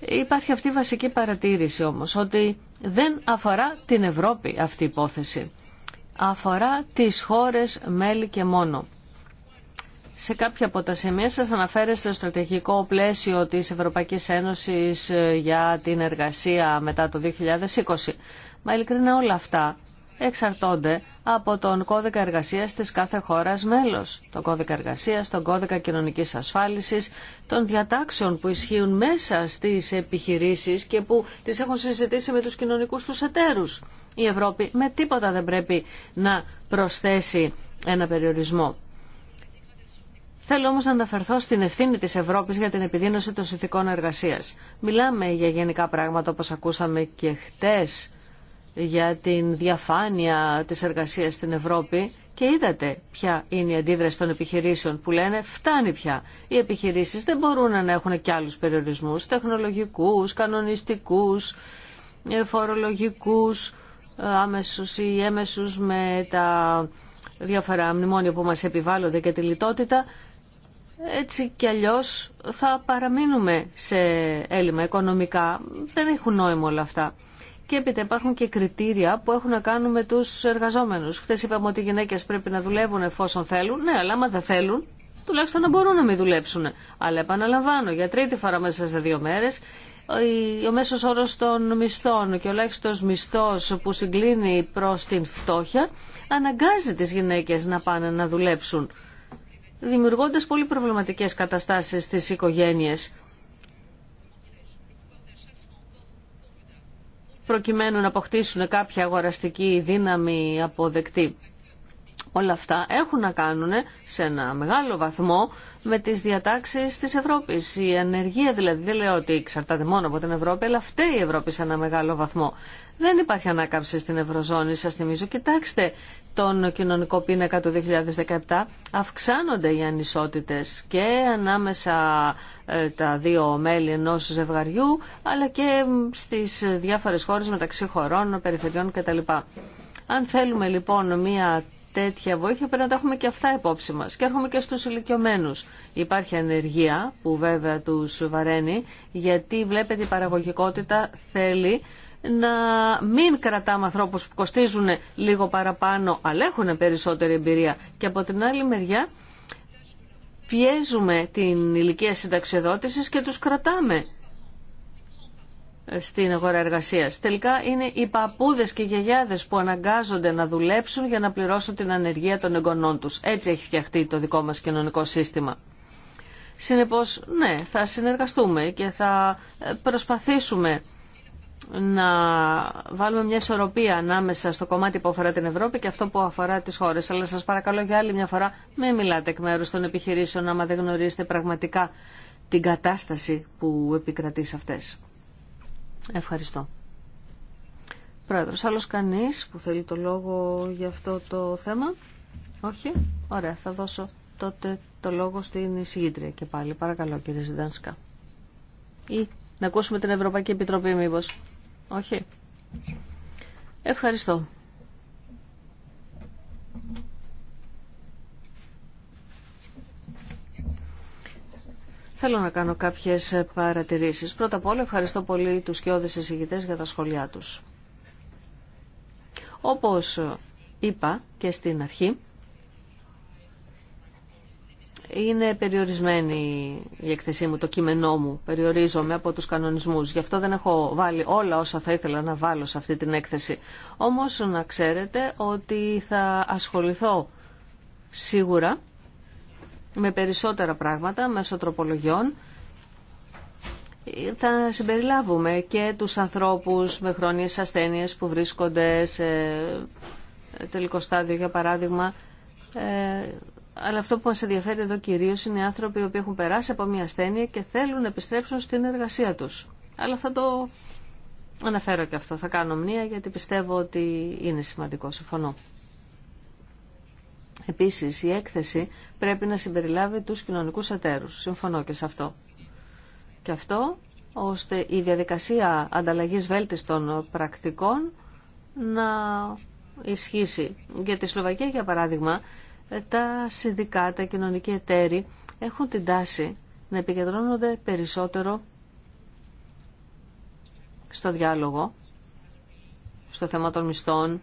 Υπάρχει αυτή η βασική παρατήρηση όμως ότι δεν αφορά την Ευρώπη αυτή η υπόθεση αφορά τις χώρες μέλη και μόνο. Σε κάποια από τα σημεία σας αναφέρεστε στο στρατηγικό πλαίσιο της Ευρωπαϊκής Ένωσης ε, για την εργασία μετά το 2020. Μα ειλικρινά όλα αυτά εξαρτώνται από τον κώδικα εργασία της κάθε χώρα μέλο. τον κώδικα εργασία, τον κώδικα κοινωνική ασφάλισης, των διατάξεων που ισχύουν μέσα στι επιχειρήσει και που τι έχουν συζητήσει με του κοινωνικού του εταίρου. Η Ευρώπη με τίποτα δεν πρέπει να προσθέσει ένα περιορισμό. Θέλω όμως να αναφερθώ στην ευθύνη της Ευρώπης για την επιδείνωση των συνθηκών εργασίας. Μιλάμε για γενικά πράγματα όπως ακούσαμε και χτες για την διαφάνεια της εργασίας στην Ευρώπη και είδατε ποια είναι η αντίδραση των επιχειρήσεων που λένε φτάνει πια. Οι επιχειρήσεις δεν μπορούν να έχουν και άλλους περιορισμούς, τεχνολογικούς, κανονιστικούς, φορολογικούς, άμεσους ή έμεσους με τα διάφορα μνημόνια που μας επιβάλλονται και τη λιτότητα. Έτσι κι αλλιώς θα παραμείνουμε σε έλλειμμα οικονομικά. Δεν έχουν νόημα όλα αυτά. Και έπειτα υπάρχουν και κριτήρια που έχουν να κάνουν με του εργαζόμενου. Χθε είπαμε ότι οι γυναίκε πρέπει να δουλεύουν εφόσον θέλουν. Ναι, αλλά άμα δεν θέλουν, τουλάχιστον να μπορούν να μην δουλέψουν. Αλλά επαναλαμβάνω, για τρίτη φορά μέσα σε δύο μέρε, ο μέσο όρο των μισθών και ο ελάχιστο μισθό που συγκλίνει προ την φτώχεια αναγκάζει τι γυναίκε να πάνε να δουλέψουν δημιουργώντας πολύ προβληματικές καταστάσεις στις οικογένειες. προκειμένου να αποκτήσουν κάποια αγοραστική δύναμη αποδεκτή. Όλα αυτά έχουν να κάνουν σε ένα μεγάλο βαθμό με τις διατάξεις της Ευρώπης. Η ανεργία δηλαδή δεν λέω ότι εξαρτάται μόνο από την Ευρώπη, αλλά φταίει η Ευρώπη σε ένα μεγάλο βαθμό. Δεν υπάρχει ανάκαμψη στην Ευρωζώνη, σας θυμίζω. Κοιτάξτε τον κοινωνικό πίνακα του 2017. Αυξάνονται οι ανισότητες και ανάμεσα ε, τα δύο μέλη ενός ζευγαριού, αλλά και στις διάφορες χώρες μεταξύ χωρών, περιφερειών κτλ. Αν θέλουμε λοιπόν μια τέτοια βοήθεια πρέπει να τα έχουμε και αυτά υπόψη μας. Και έρχομαι και στους ηλικιωμένου. Υπάρχει ανεργία που βέβαια τους βαραίνει γιατί βλέπετε η παραγωγικότητα θέλει να μην κρατάμε ανθρώπους που κοστίζουν λίγο παραπάνω αλλά έχουν περισσότερη εμπειρία και από την άλλη μεριά πιέζουμε την ηλικία συνταξιοδότησης και τους κρατάμε στην αγορά εργασίας. Τελικά είναι οι παππούδες και οι γιαγιάδες που αναγκάζονται να δουλέψουν για να πληρώσουν την ανεργία των εγγονών τους. Έτσι έχει φτιαχτεί το δικό μας κοινωνικό σύστημα. Συνεπώς, ναι, θα συνεργαστούμε και θα ε, προσπαθήσουμε να βάλουμε μια ισορροπία ανάμεσα στο κομμάτι που αφορά την Ευρώπη και αυτό που αφορά τις χώρες. Αλλά σας παρακαλώ για άλλη μια φορά μην μιλάτε εκ μέρους των επιχειρήσεων άμα δεν γνωρίζετε πραγματικά την κατάσταση που επικρατεί σε αυτές. Ευχαριστώ. Πρόεδρος, άλλος κανείς που θέλει το λόγο για αυτό το θέμα. Όχι. Ωραία, θα δώσω τότε το λόγο στην εισηγήτρια και πάλι. Παρακαλώ κύριε Ζιντάνσκα. Ή να ακούσουμε την Ευρωπαϊκή Επιτροπή μήπω. Όχι. Ευχαριστώ. Θέλω να κάνω κάποιες παρατηρήσεις. Πρώτα απ' όλα ευχαριστώ πολύ τους σκιώδες εισηγητές για τα σχόλιά τους. Όπως είπα και στην αρχή, είναι περιορισμένη η εκθεσή μου, το κείμενό μου. Περιορίζομαι από τους κανονισμούς. Γι' αυτό δεν έχω βάλει όλα όσα θα ήθελα να βάλω σε αυτή την έκθεση. Όμως να ξέρετε ότι θα ασχοληθώ σίγουρα με περισσότερα πράγματα μέσω τροπολογιών. Θα συμπεριλάβουμε και τους ανθρώπους με χρόνιες ασθένειες που βρίσκονται σε τελικό στάδιο, για παράδειγμα, ε, αλλά αυτό που μας ενδιαφέρει εδώ κυρίως είναι οι άνθρωποι που έχουν περάσει από μια ασθένεια και θέλουν να επιστρέψουν στην εργασία τους. Αλλά θα το αναφέρω και αυτό. Θα κάνω μνήα γιατί πιστεύω ότι είναι σημαντικό. Συμφωνώ. Επίσης, η έκθεση πρέπει να συμπεριλάβει τους κοινωνικούς εταίρους. Συμφωνώ και σε αυτό. Και αυτό ώστε η διαδικασία ανταλλαγής βέλτιστων πρακτικών να ισχύσει. Για τη Σλοβακία, για παράδειγμα, ε, τα συνδικάτα, οι κοινωνικοί εταίροι έχουν την τάση να επικεντρώνονται περισσότερο στο διάλογο, στο θέμα των μισθών,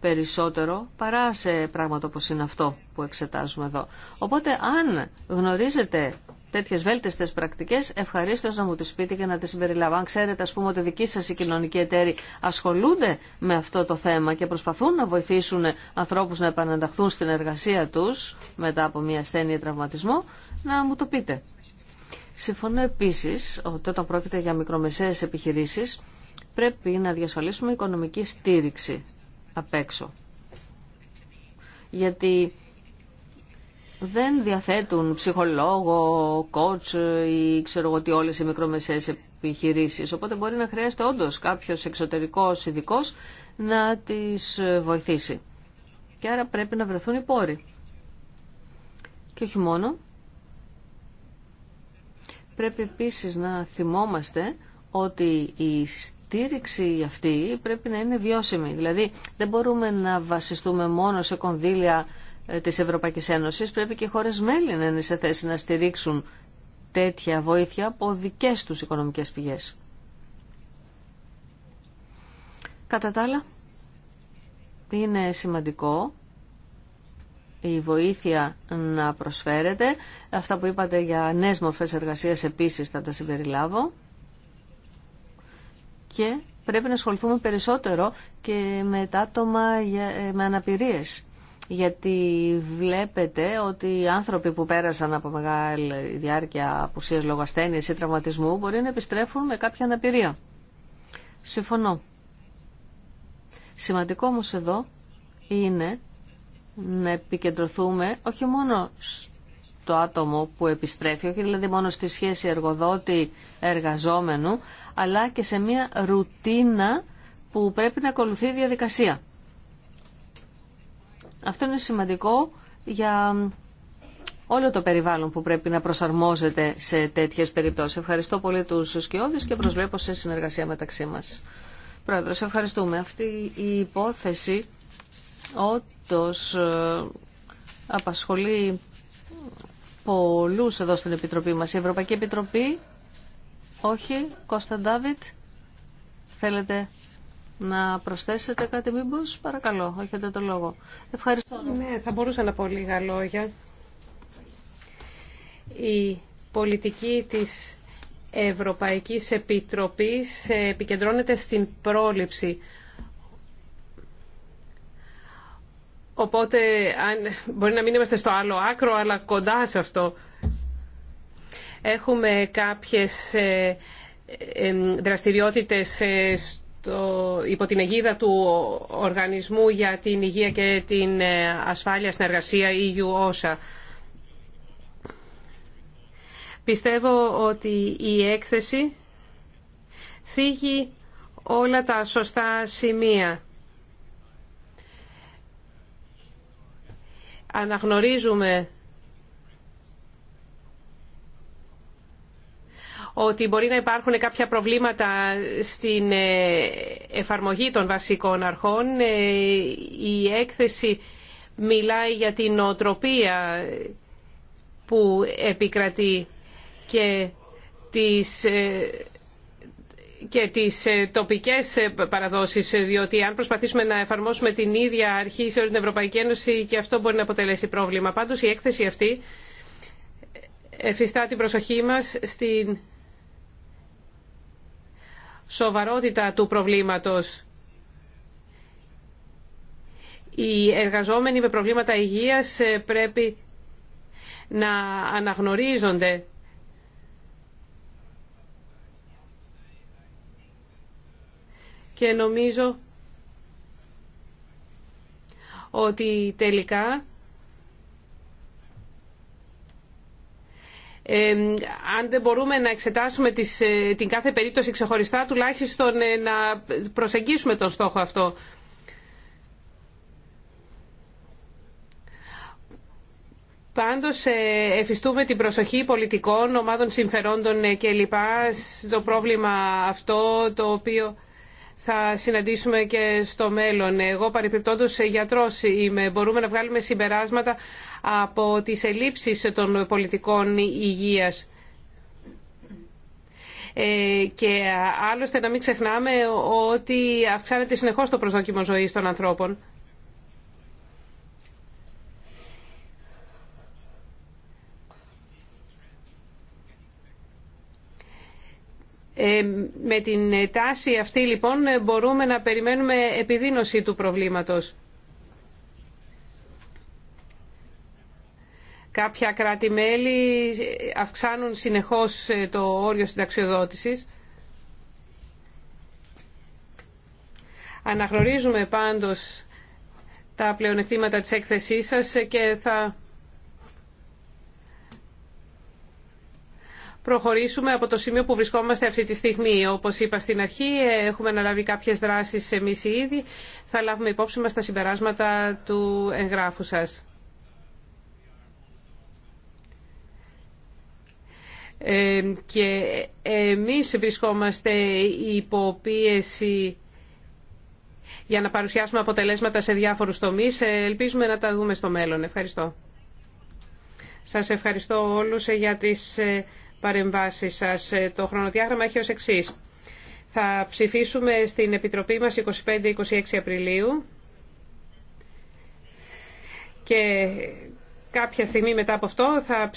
περισσότερο παρά σε πράγματα όπως είναι αυτό που εξετάζουμε εδώ. Οπότε αν γνωρίζετε τέτοιε βέλτιστε πρακτικέ, ευχαρίστω να μου τι πείτε και να τι συμπεριλάβω. ξέρετε, α πούμε, ότι δικοί σα οι κοινωνικοί εταίροι ασχολούνται με αυτό το θέμα και προσπαθούν να βοηθήσουν ανθρώπου να επανενταχθούν στην εργασία του μετά από μια ασθένεια τραυματισμό, να μου το πείτε. Συμφωνώ επίση ότι όταν πρόκειται για μικρομεσαίε επιχειρήσει, πρέπει να διασφαλίσουμε οικονομική στήριξη απ' έξω. Γιατί δεν διαθέτουν ψυχολόγο, κότς ή ξέρω εγώ τι όλες οι μικρομεσαίες επιχειρήσεις. Οπότε μπορεί να χρειάζεται όντως κάποιος εξωτερικός ειδικό να τις βοηθήσει. Και άρα πρέπει να βρεθούν οι πόροι. Και όχι μόνο. Πρέπει επίσης να θυμόμαστε ότι η στήριξη αυτή πρέπει να είναι βιώσιμη. Δηλαδή δεν μπορούμε να βασιστούμε μόνο σε κονδύλια ε, της Ευρωπαϊκής Ένωσης, πρέπει και οι χώρες μέλη να είναι σε θέση να στηρίξουν τέτοια βοήθεια από δικές τους οικονομικές πηγές. Κατά τα άλλα, είναι σημαντικό η βοήθεια να προσφέρεται. Αυτά που είπατε για νέες μορφές εργασίας επίσης θα τα συμπεριλάβω. Και πρέπει να ασχοληθούμε περισσότερο και με τα άτομα ε, με αναπηρίες γιατί βλέπετε ότι οι άνθρωποι που πέρασαν από μεγάλη διάρκεια απουσίας λόγω ή τραυματισμού μπορεί να επιστρέφουν με κάποια αναπηρία. Συμφωνώ. Σημαντικό όμως εδώ είναι να επικεντρωθούμε όχι μόνο στο άτομο που επιστρέφει, όχι δηλαδή μόνο στη σχέση εργοδότη-εργαζόμενου, αλλά και σε μια ρουτίνα που πρέπει να ακολουθεί η διαδικασία. Αυτό είναι σημαντικό για όλο το περιβάλλον που πρέπει να προσαρμόζεται σε τέτοιες περιπτώσεις. Ευχαριστώ πολύ τους σκιώδες και προσβλέπω σε συνεργασία μεταξύ μας. Πρόεδρος, ευχαριστούμε. Αυτή η υπόθεση όντως ε, απασχολεί πολλούς εδώ στην Επιτροπή μας. Η Ευρωπαϊκή Επιτροπή, όχι, Κώστα Ντάβιτ, θέλετε να προσθέσετε κάτι μήπως, παρακαλώ, έχετε το λόγο. Ευχαριστώ. Ναι, θα μπορούσα να πω λίγα λόγια. Η πολιτική της Ευρωπαϊκής Επιτροπής ε, επικεντρώνεται στην πρόληψη. Οπότε αν, μπορεί να μην είμαστε στο άλλο άκρο, αλλά κοντά σε αυτό. Έχουμε κάποιες ε, ε, δραστηριότητες το, υπό την αιγίδα του Οργανισμού για την Υγεία και την ε, Ασφάλεια στην Εργασία EU OSHA. Πιστεύω ότι η έκθεση θίγει όλα τα σωστά σημεία. Αναγνωρίζουμε ότι μπορεί να υπάρχουν κάποια προβλήματα στην ε, εφαρμογή των βασικών αρχών. Ε, η έκθεση μιλάει για την οτροπία που επικρατεί και τις ε, και τις τοπικές παραδόσεις, διότι αν προσπαθήσουμε να εφαρμόσουμε την ίδια αρχή σε όλη την Ευρωπαϊκή Ένωση και αυτό μπορεί να αποτελέσει πρόβλημα. Πάντως η έκθεση αυτή εφιστά την προσοχή μας στην σοβαρότητα του προβλήματος. Οι εργαζόμενοι με προβλήματα υγείας ε, πρέπει να αναγνωρίζονται. Και νομίζω ότι τελικά αν δεν μπορούμε να εξετάσουμε τις, ε, την κάθε περίπτωση ξεχωριστά, τουλάχιστον ε, να προσεγγίσουμε τον στόχο αυτό. Πάντως ε, εφιστούμε την προσοχή πολιτικών, ομάδων συμφερόντων κλπ. στο πρόβλημα αυτό το οποίο θα συναντήσουμε και στο μέλλον. Εγώ παρεπιπτόντως γιατρός είμαι. Μπορούμε να βγάλουμε συμπεράσματα από τις ελλείψεις των πολιτικών υγείας. Ε, και άλλωστε να μην ξεχνάμε ότι αυξάνεται συνεχώς το προσδόκιμο ζωής των ανθρώπων. Ε, με την τάση αυτή λοιπόν μπορούμε να περιμένουμε επιδείνωση του προβλήματος. Κάποια κράτη-μέλη αυξάνουν συνεχώς ε, το όριο συνταξιοδότησης. Αναγνωρίζουμε πάντως τα πλεονεκτήματα της έκθεσής σας και θα προχωρήσουμε από το σημείο που βρισκόμαστε αυτή τη στιγμή. Όπως είπα στην αρχή, έχουμε αναλάβει κάποιες δράσεις εμείς ήδη. Θα λάβουμε υπόψη μας τα συμπεράσματα του εγγράφου σας. και εμείς βρισκόμαστε υπό πίεση για να παρουσιάσουμε αποτελέσματα σε διάφορους τομείς. Ε, ελπίζουμε να τα δούμε στο μέλλον. Ευχαριστώ. Σας ευχαριστώ όλους ε, για τις ε, παρεμβάσεις σας. Το χρονοδιάγραμμα έχει ως εξής. Θα ψηφίσουμε στην Επιτροπή μας 25-26 Απριλίου και Κάποια στιγμή μετά από αυτό θα,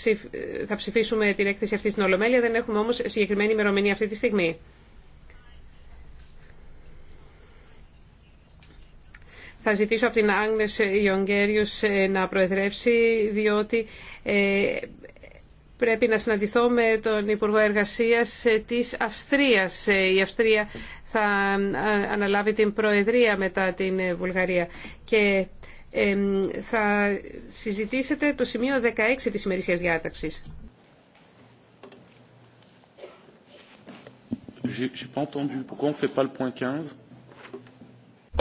θα ψηφίσουμε την έκθεση αυτή στην Ολομέλεια, δεν έχουμε όμως συγκεκριμένη ημερομηνία αυτή τη στιγμή. Θα ζητήσω από την Άγνες Ιονγκέριους ε, να προεδρεύσει, διότι ε, πρέπει να συναντηθώ με τον Υπουργό Εργασίας ε, της Αυστρίας. Η Αυστρία θα αναλάβει την προεδρία μετά την Βουλγαρία. Και θα συζητήσετε το σημείο 16 της ημερησίας διάταξης.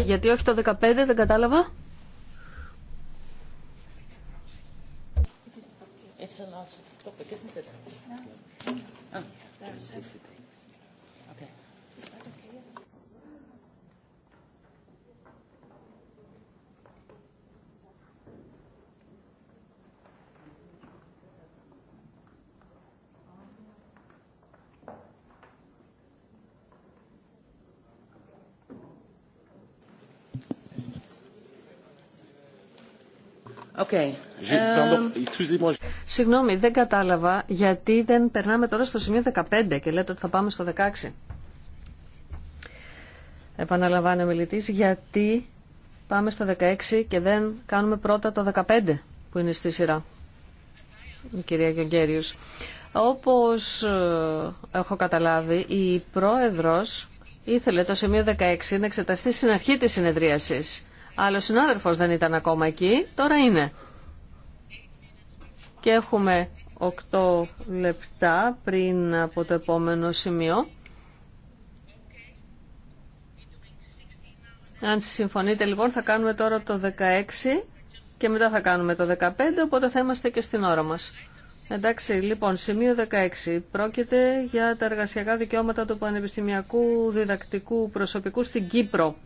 Γιατί όχι το 15, δεν κατάλαβα. Ε, συγγνώμη, δεν κατάλαβα γιατί δεν περνάμε τώρα στο σημείο 15 και λέτε ότι θα πάμε στο 16. Επαναλαμβάνω μιλητής, γιατί πάμε στο 16 και δεν κάνουμε πρώτα το 15 που είναι στη σειρά. κυρία Γιονγκέριος. Όπως ε, έχω καταλάβει, η πρόεδρος ήθελε το σημείο 16 να εξεταστεί στην αρχή της συνεδρίασης Άλλο ο δεν ήταν ακόμα εκεί, τώρα είναι. Και έχουμε 8 λεπτά πριν από το επόμενο σημείο. Αν συμφωνείτε λοιπόν θα κάνουμε τώρα το 16 και μετά θα κάνουμε το 15, οπότε θα είμαστε και στην ώρα μας. Εντάξει, λοιπόν, σημείο 16. Πρόκειται για τα εργασιακά δικαιώματα του πανεπιστημιακού διδακτικού προσωπικού στην Κύπρο.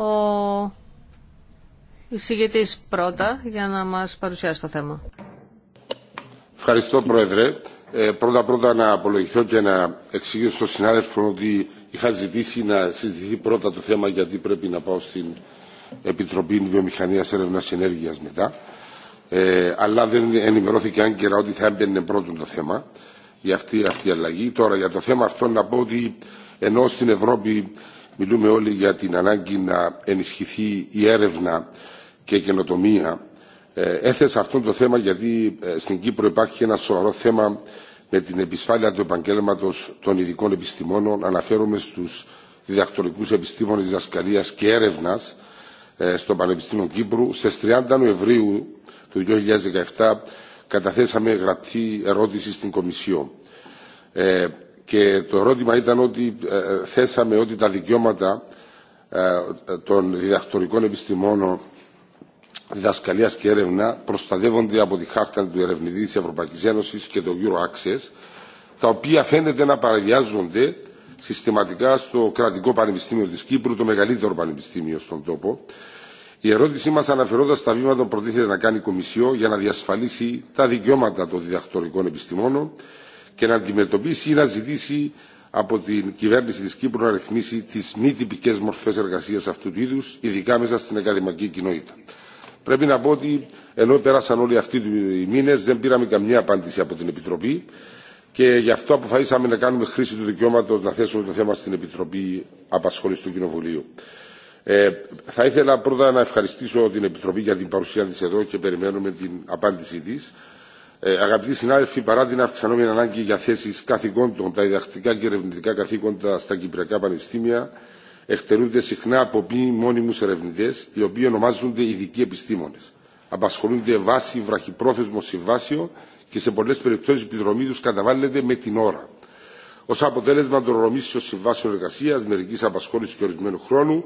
ο εισηγητής πρώτα για να μας παρουσιάσει το θέμα. Ευχαριστώ Πρόεδρε. Ε, πρώτα πρώτα να απολογηθώ και να εξηγήσω στον συνάδελφο ότι είχα ζητήσει να συζητηθεί πρώτα το θέμα γιατί πρέπει να πάω στην Επιτροπή Βιομηχανίας Έρευνας και Ενέργειας μετά. Ε, αλλά δεν ενημερώθηκε αν καιρά ότι θα έμπαινε πρώτον το θέμα για αυτή, αυτή η αλλαγή. Τώρα για το θέμα αυτό να πω ότι ενώ στην Ευρώπη Μιλούμε όλοι για την ανάγκη να ενισχυθεί η έρευνα και η καινοτομία. Ε, έθεσα αυτό το θέμα γιατί ε, στην Κύπρο υπάρχει ένα σοβαρό θέμα με την επισφάλεια του επαγγέλματο των ειδικών επιστημόνων. Αναφέρομαι στου διδακτορικού επιστήμονε διδασκαλία και έρευνα ε, στο Πανεπιστήμιο Κύπρου. Στι 30 Νοεμβρίου του 2017 καταθέσαμε γραπτή ερώτηση στην Κομισιό. Και το ερώτημα ήταν ότι ε, ε, θέσαμε ότι τα δικαιώματα ε, των διδακτορικών επιστημόνων διδασκαλία και έρευνα προστατεύονται από τη χάρτα του ερευνητή τη Ευρωπαϊκή Ένωση και το Euro Access, τα οποία φαίνεται να παραβιάζονται συστηματικά στο κρατικό πανεπιστήμιο τη Κύπρου, το μεγαλύτερο πανεπιστήμιο στον τόπο. Η ερώτησή μα αναφερόντα τα βήματα που προτίθεται να κάνει η Κομισιό για να διασφαλίσει τα δικαιώματα των διδακτορικών επιστημόνων και να αντιμετωπίσει ή να ζητήσει από την κυβέρνηση της Κύπρου να ρυθμίσει τις μη τυπικές μορφές εργασίας αυτού του είδους, ειδικά μέσα στην ακαδημαϊκή κοινότητα. Πρέπει να πω ότι ενώ πέρασαν όλοι αυτοί οι μήνες δεν πήραμε καμία απάντηση από την Επιτροπή και γι' αυτό αποφασίσαμε να κάνουμε χρήση του δικαιώματο να θέσουμε το θέμα στην Επιτροπή Απασχόληση του Κοινοβουλίου. Ε, θα ήθελα πρώτα να ευχαριστήσω την Επιτροπή για την παρουσία της εδώ και περιμένουμε την απάντησή της. Ε, αγαπητοί συνάδελφοι, παρά την αυξανόμενη ανάγκη για θέσει καθηγόντων, τα διδακτικά και ερευνητικά καθήκοντα στα Κυπριακά Πανεπιστήμια εκτελούνται συχνά από μη μόνιμους ερευνητέ, οι οποίοι ονομάζονται ειδικοί επιστήμονε. Απασχολούνται βάσει βραχυπρόθεσμο συμβάσιο... και σε πολλέ περιπτώσει η πληρωμή του καταβάλλεται με την ώρα. Ω αποτέλεσμα των ρομίσεων συμβάσεων εργασίας μερική απασχόληση και ορισμένου χρόνου,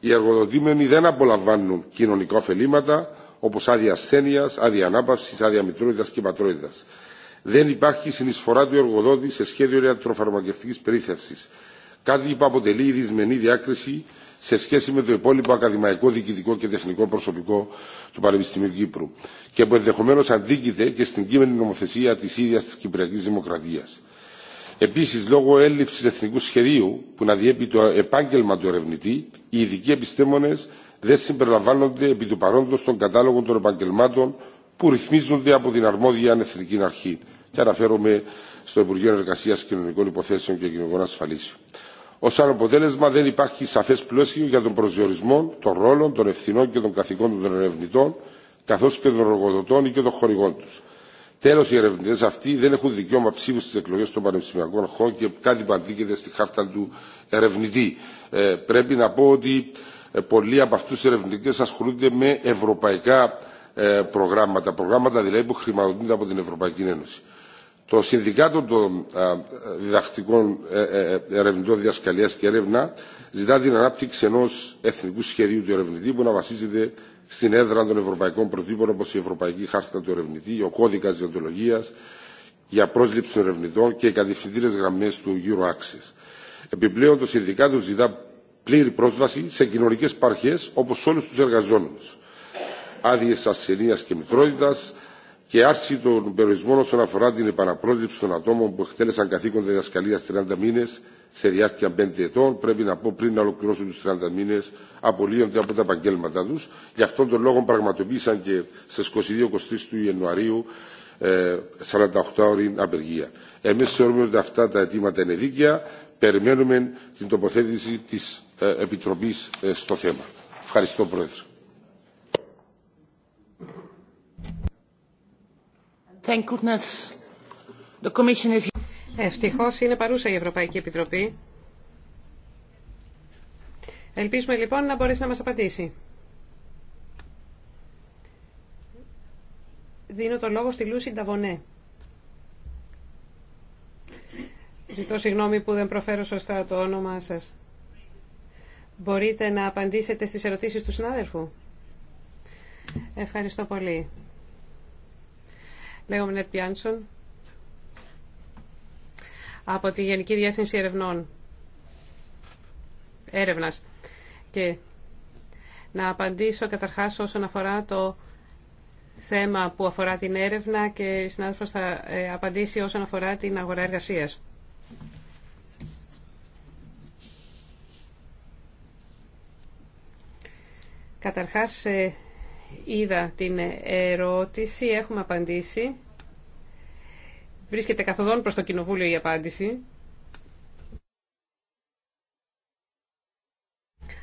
οι εργοδοτήμενοι δεν απολαμβάνουν κοινωνικά ωφελήματα, όπω άδεια ασθένεια, άδεια ανάπαυση, άδεια μητρότητα και πατρότητα. Δεν υπάρχει συνεισφορά του εργοδότη σε σχέδιο ιατροφαρμακευτική περίθευση. Κάτι που αποτελεί δυσμενή διάκριση σε σχέση με το υπόλοιπο ακαδημαϊκό, διοικητικό και τεχνικό προσωπικό του Πανεπιστημίου Κύπρου και που ενδεχομένω αντίκειται και στην κείμενη νομοθεσία τη ίδια τη Κυπριακή Δημοκρατία. Επίση, λόγω έλλειψη εθνικού σχεδίου που να διέπει το επάγγελμα του ερευνητή, οι ειδικοί επιστήμονε δεν συμπεριλαμβάνονται επί του παρόντος των κατάλογων των επαγγελμάτων που ρυθμίζονται από την αρμόδια ανεθνική αρχή. Και αναφέρομαι στο Υπουργείο Εργασία, Κοινωνικών Υποθέσεων και Κοινωνικών Ασφαλίσεων. Ω άλλο αποτέλεσμα, δεν υπάρχει σαφέ πλαίσιο για τον προσδιορισμό των ρόλων, των ευθυνών και των καθηκόντων των ερευνητών, καθώ και των εργοδοτών ή και των χορηγών του. Τέλο, οι ερευνητέ αυτοί δεν έχουν δικαίωμα ψήφου στι εκλογέ των πανεπιστημιακών χώρων και κάτι που αντίκειται στη χάρτα του ερευνητή. Ε, πρέπει να πω ότι ε, πολλοί από αυτούς του ερευνητέ ασχολούνται με ευρωπαϊκά ε, προγράμματα, προγράμματα δηλαδή που χρηματοδοτούνται από την Ευρωπαϊκή Ένωση. Το Συνδικάτο των ε, Διδακτικών Ερευνητών Διασκαλίας και Έρευνα ζητά την ανάπτυξη ενός εθνικού σχεδίου του ερευνητή που να βασίζεται στην έδρα των ευρωπαϊκών προτύπων όπως η Ευρωπαϊκή Χάρτα του Ερευνητή, ο Κώδικας Διοντολογίας για πρόσληψη των ερευνητών και οι κατευθυντήρες γραμμές του Access. Επιπλέον, το Συνδικάτο ζητά πλήρη πρόσβαση σε κοινωνικές παρχές όπως όλους τους εργαζόμενους. Άδειε ασθενείας και μητρότητας και άρση των περιορισμών όσον αφορά την επαναπρόληψη των ατόμων που εκτέλεσαν καθήκοντα διδασκαλία 30 μήνε σε διάρκεια 5 ετών. Πρέπει να πω πριν να ολοκληρώσουν του 30 μήνε, απολύονται από τα επαγγέλματά του. Γι' αυτόν τον λόγο πραγματοποίησαν και στι 22-23 του Ιανουαρίου 48 ε, ώρη απεργία. Εμεί θεωρούμε ότι αυτά τα αιτήματα είναι δίκαια. Περιμένουμε την τοποθέτηση τη ε, Επιτροπής ε, στο θέμα. Ευχαριστώ Πρόεδρε. Thank Ευτυχώς είναι παρούσα η Ευρωπαϊκή Επιτροπή. Ελπίζουμε λοιπόν να μπορέσει να μας απαντήσει. Δίνω το λόγο στη Λούση Νταβονέ. Ζητώ συγγνώμη που δεν προφέρω σωστά το όνομά σας. Μπορείτε να απαντήσετε στις ερωτήσεις του συνάδελφου. Ευχαριστώ πολύ. Λέγομαι Νερ Πιάνσον από τη Γενική Διεύθυνση Ερευνών. Έρευνας. Και να απαντήσω καταρχάς όσον αφορά το θέμα που αφορά την έρευνα και η συνάδελφος θα ε, απαντήσει όσον αφορά την αγορά εργασίας. Καταρχάς, ε, είδα την ερώτηση, έχουμε απαντήσει. Βρίσκεται καθοδόν προς το Κοινοβούλιο η απάντηση.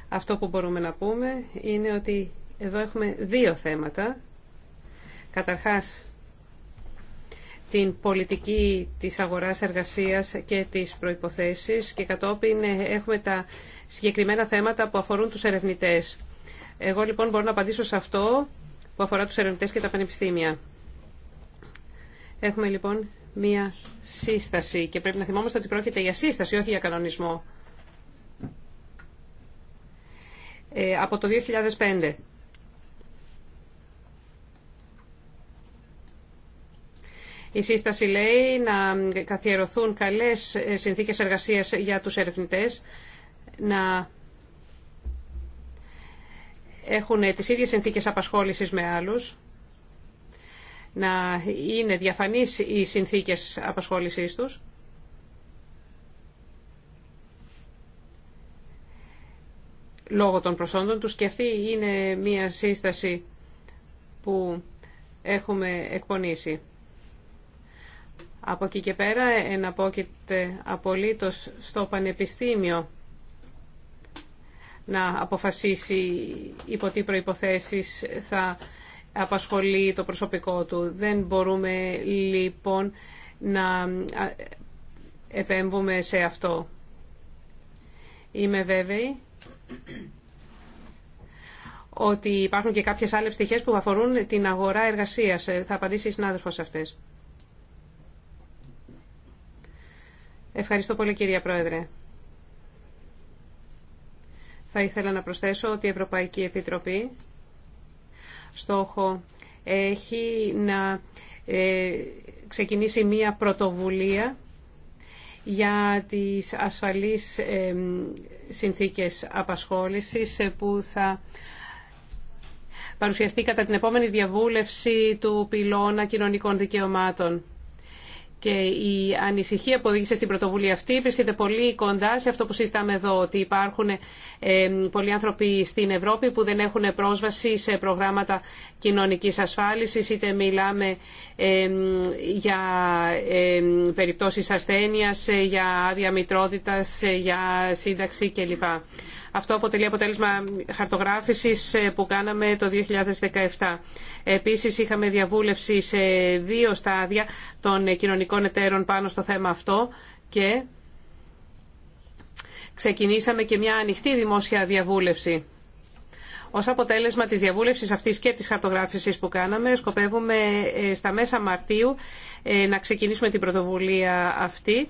Αυτό που μπορούμε να πούμε είναι ότι εδώ έχουμε δύο θέματα. Καταρχάς, την πολιτική της αγοράς εργασίας και τις προϋποθέσεις και κατόπιν ε, έχουμε τα συγκεκριμένα θέματα που αφορούν τους ερευνητές. Εγώ λοιπόν μπορώ να απαντήσω σε αυτό που αφορά τους ερευνητές και τα πανεπιστήμια. Έχουμε λοιπόν μία σύσταση και πρέπει να θυμόμαστε ότι πρόκειται για σύσταση, όχι για κανονισμό. Ε, από το 2005. Η σύσταση λέει να καθιερωθούν καλές συνθήκες εργασίας για τους ερευνητές, να έχουν τις ίδιες συνθήκες απασχόλησης με άλλους, να είναι διαφανείς οι συνθήκες απασχόλησής τους. λόγω των προσόντων τους και αυτή είναι μία σύσταση που έχουμε εκπονήσει. Από εκεί και πέρα εναπόκειται απολύτως στο Πανεπιστήμιο να αποφασίσει υπό τι προϋποθέσεις θα απασχολεί το προσωπικό του. Δεν μπορούμε λοιπόν να επέμβουμε σε αυτό. Είμαι βέβαιη ότι υπάρχουν και κάποιες άλλες στοιχείες που αφορούν την αγορά εργασίας. Ε, θα απαντήσει η συνάδελφο σε αυτές. Ευχαριστώ πολύ κυρία Πρόεδρε. Θα ήθελα να προσθέσω ότι η Ευρωπαϊκή Επιτροπή στόχο έχει να ε, ξεκινήσει μία πρωτοβουλία για τις ασφαλείς ε, συνθήκες απασχόλησης ε, που θα παρουσιαστεί κατά την επόμενη διαβούλευση του πυλώνα κοινωνικών δικαιωμάτων. Και η ανησυχία που οδήγησε στην πρωτοβουλία αυτή βρίσκεται πολύ κοντά σε αυτό που συζητάμε εδώ, ότι υπάρχουν πολλοί άνθρωποι στην Ευρώπη που δεν έχουν πρόσβαση σε προγράμματα κοινωνικής ασφάλισης, είτε μιλάμε για περιπτώσεις ασθένειας, για άδεια μητρότητας, για σύνταξη κλπ. Αυτό αποτελεί αποτέλεσμα χαρτογράφησης ε, που κάναμε το 2017. Επίσης είχαμε διαβούλευση σε δύο στάδια των κοινωνικών εταίρων πάνω στο θέμα αυτό και ξεκινήσαμε και μια ανοιχτή δημόσια διαβούλευση. Ω αποτέλεσμα τη διαβούλευση αυτή και τη χαρτογράφηση που κάναμε, σκοπεύουμε ε, στα μέσα Μαρτίου ε, να ξεκινήσουμε την πρωτοβουλία αυτή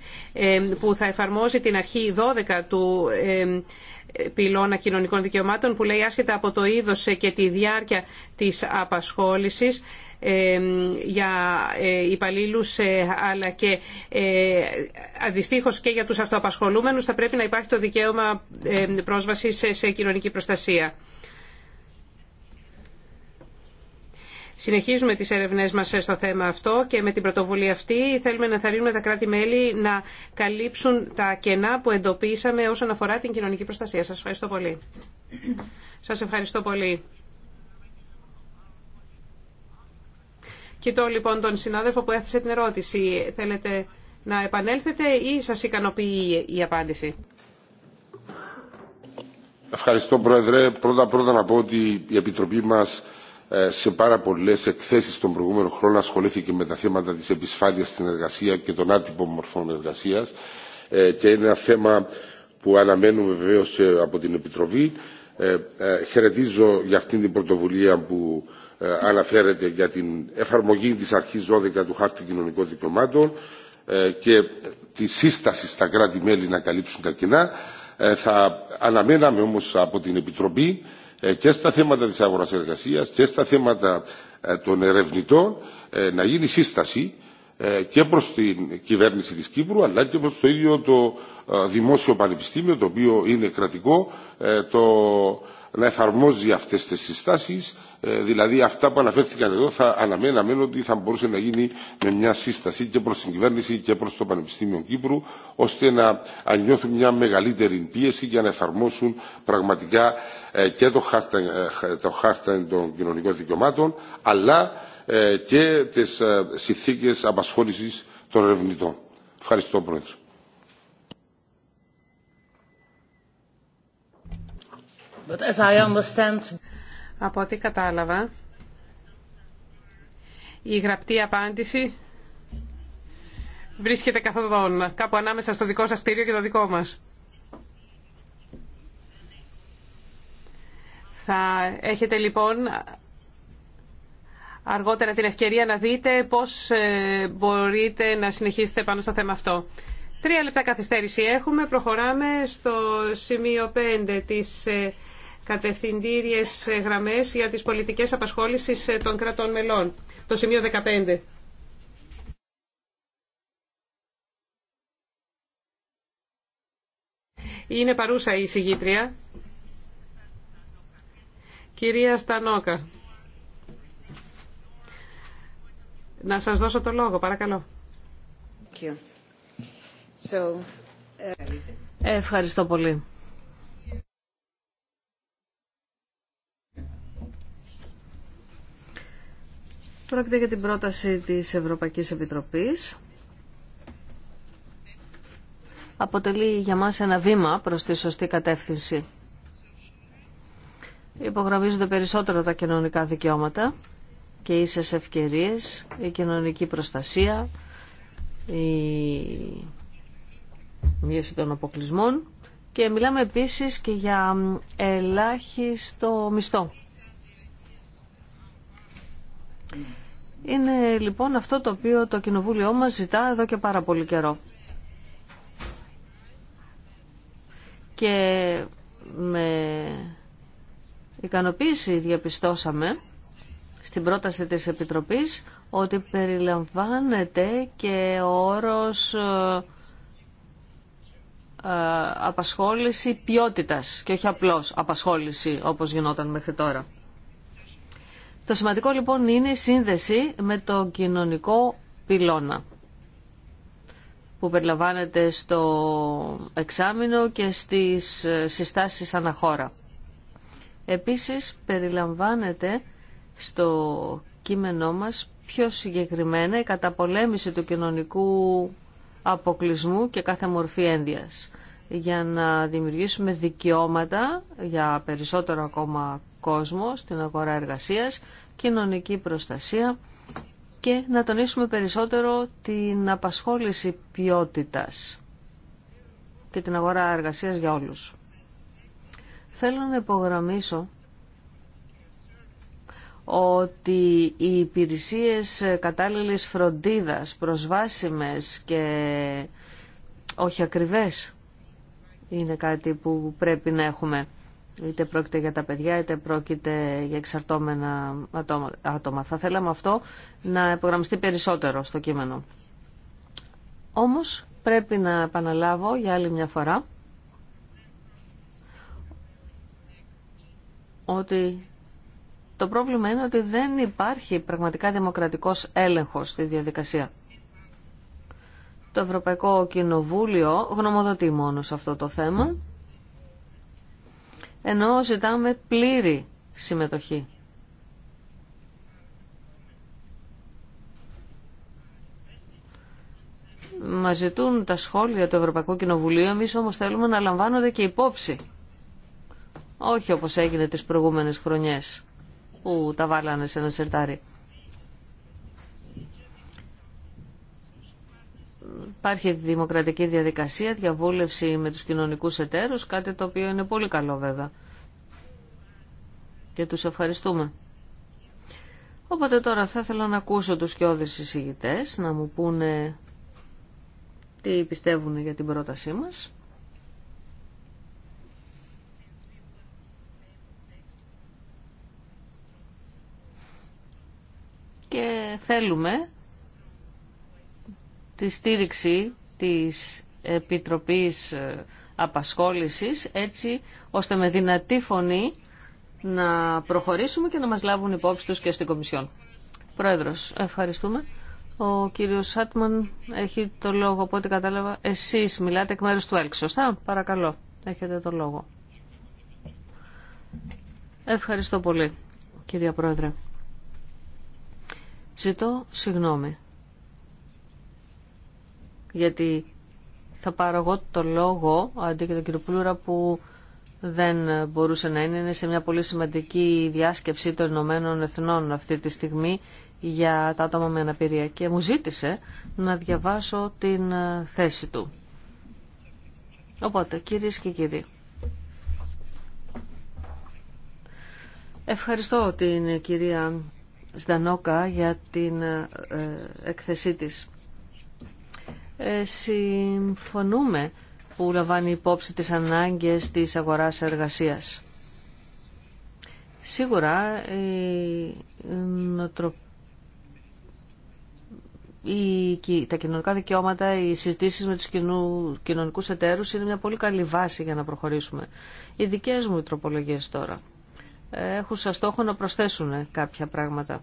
που θα εφαρμόζει την αρχή 12 του πυλώνα κοινωνικών δικαιωμάτων που λέει άσχετα από το είδος και τη διάρκεια της απασχόλησης ε, για ε, υπαλλήλους ε, αλλά και αντιστοίχω και για τους αυτοαπασχολούμενους θα πρέπει να υπάρχει το δικαίωμα πρόσβασης σε κοινωνική προστασία. Συνεχίζουμε τις έρευνές μας στο θέμα αυτό και με την πρωτοβουλία αυτή θέλουμε να θαρρύνουμε τα κράτη-μέλη να καλύψουν τα κενά που εντοπίσαμε όσον αφορά την κοινωνική προστασία. Σας ευχαριστώ πολύ. Σας ευχαριστώ πολύ. Κοιτώ λοιπόν τον συνάδελφο που έθεσε την ερώτηση. Θέλετε να επανέλθετε ή σας ικανοποιεί η απάντηση. Ευχαριστώ Πρόεδρε. Πρώτα πρώτα να πω ότι η Επιτροπή μας ε, σε πάρα πολλέ εκθέσει τον προηγούμενο χρόνο ασχολήθηκε με τα θέματα τη επισφάλεια στην εργασία και των άτυπων μορφών εργασία ε, και είναι ένα θέμα που αναμένουμε βεβαίω ε, από την Επιτροπή. Χαιρετίζω για αυτήν την πρωτοβουλία που αναφέρεται για την εφαρμογή της αρχής 12 του Χάρτη Κοινωνικών Δικαιωμάτων και τη σύσταση στα κράτη-μέλη να καλύψουν τα κοινά. Θα αναμέναμε όμως από την Επιτροπή ε, και στα θέματα της αγοράς εργασίας και στα θέματα ε, των ερευνητών ε, να γίνει σύσταση ε, και προς την κυβέρνηση της Κύπρου αλλά και προς το ίδιο το ε, δημόσιο πανεπιστήμιο το οποίο είναι κρατικό ε, το να εφαρμόζει αυτές τις συστάσεις δηλαδή αυτά που αναφέρθηκαν εδώ θα αναμέναμε ότι θα μπορούσε να γίνει με μια σύσταση και προς την κυβέρνηση και προς το Πανεπιστήμιο Κύπρου ώστε να νιώθουν μια μεγαλύτερη πίεση για να εφαρμόσουν πραγματικά και το χάρτα, το των κοινωνικών δικαιωμάτων αλλά ε, και τις ε, συνθήκες απασχόλησης των ερευνητών. Ευχαριστώ, Πρόεδρε. Από ό,τι κατάλαβα, η γραπτή απάντηση βρίσκεται καθοδόν, κάπου ανάμεσα στο δικό σας στήριο και το δικό μας. Θα έχετε λοιπόν αργότερα την ευκαιρία να δείτε πώς ε, μπορείτε να συνεχίσετε πάνω στο θέμα αυτό. Τρία λεπτά καθυστέρηση έχουμε. Προχωράμε στο σημείο 5 της ε, κατευθυντήριες ε, γραμμές για τις πολιτικές απασχόλησης των κρατών μελών. Το σημείο 15. Είναι παρούσα η συγγήτρια. Κυρία Στανόκα. Να σας δώσω το λόγο, παρακαλώ. Ε, Ευχαριστώ πολύ. Πρόκειται για την πρόταση της Ευρωπαϊκής Επιτροπής. Αποτελεί για μας ένα βήμα προς τη σωστή κατεύθυνση. Υπογραμμίζονται περισσότερο τα κοινωνικά δικαιώματα και ίσες ευκαιρίες, η κοινωνική προστασία, η μείωση των αποκλεισμών και μιλάμε επίσης και για ελάχιστο μισθό. Είναι λοιπόν αυτό το οποίο το Κοινοβούλιο μας ζητά εδώ και πάρα πολύ καιρό. Και με ικανοποίηση διαπιστώσαμε στην πρόταση της Επιτροπής ότι περιλαμβάνεται και ο όρος ε, ε, απασχόληση ποιότητας και όχι απλώς απασχόληση όπως γινόταν μέχρι τώρα. Το σημαντικό λοιπόν είναι η σύνδεση με το κοινωνικό πυλώνα που περιλαμβάνεται στο εξάμεινο και στις ε, συστάσεις αναχώρα. Επίσης περιλαμβάνεται στο κείμενό μας πιο συγκεκριμένα η καταπολέμηση του κοινωνικού αποκλεισμού και κάθε μορφή ένδυας για να δημιουργήσουμε δικαιώματα για περισσότερο ακόμα κόσμο στην αγορά εργασίας, κοινωνική προστασία και να τονίσουμε περισσότερο την απασχόληση ποιότητας και την αγορά εργασίας για όλους. Θέλω να υπογραμμίσω ότι οι υπηρεσίες κατάλληλης φροντίδας, προσβάσιμες και όχι ακριβές είναι κάτι που πρέπει να έχουμε. Είτε πρόκειται για τα παιδιά, είτε πρόκειται για εξαρτώμενα άτομα. Θα θέλαμε αυτό να υπογραμμιστεί περισσότερο στο κείμενο. Όμως πρέπει να επαναλάβω για άλλη μια φορά ότι το πρόβλημα είναι ότι δεν υπάρχει πραγματικά δημοκρατικός έλεγχος στη διαδικασία. Το Ευρωπαϊκό Κοινοβούλιο γνωμοδοτεί μόνο σε αυτό το θέμα, ενώ ζητάμε πλήρη συμμετοχή. Μα ζητούν τα σχόλια του Ευρωπαϊκού Κοινοβουλίου, εμεί όμω θέλουμε να λαμβάνονται και υπόψη. Όχι όπως έγινε τις προηγούμενες χρονιές που τα βάλανε σε ένα σερτάρι. Υπάρχει δημοκρατική διαδικασία, διαβούλευση με τους κοινωνικούς εταίρους, κάτι το οποίο είναι πολύ καλό βέβαια. Και τους ευχαριστούμε. Οπότε τώρα θα ήθελα να ακούσω τους κοιόδες εισηγητές, να μου πούνε τι πιστεύουν για την πρότασή μας. και θέλουμε τη στήριξη της Επιτροπής Απασχόλησης έτσι ώστε με δυνατή φωνή να προχωρήσουμε και να μας λάβουν υπόψη τους και στην Κομισιόν. Πρόεδρος, ευχαριστούμε. Ο κύριος Σάτμαν έχει το λόγο, από ό,τι κατάλαβα. Εσείς μιλάτε εκ μέρους του ΕΛΚ, σωστά. Παρακαλώ, έχετε το λόγο. Ευχαριστώ πολύ, κυρία Πρόεδρε. Ζητώ συγγνώμη. Γιατί θα πάρω εγώ το λόγο αντί και τον κύριο Πλούρα που δεν μπορούσε να είναι. Είναι σε μια πολύ σημαντική διάσκεψη των Ηνωμένων Εθνών αυτή τη στιγμή για τα άτομα με αναπηρία και μου ζήτησε να διαβάσω την ε, θέση του. Οπότε, κυρίες και κύριοι, ευχαριστώ την κυρία Σδανόκα για την ε, έκθεσή της. Ε, συμφωνούμε που λαμβάνει υπόψη τις ανάγκες της αγοράς εργασίας. Σίγουρα η τα κοινωνικά δικαιώματα, οι συζητήσεις με τους κοινού, κοινωνικούς εταίρους είναι μια πολύ καλή βάση για να προχωρήσουμε. Οι δικές μου τροπολογίες τώρα έχουν σαν στόχο να προσθέσουν κάποια πράγματα.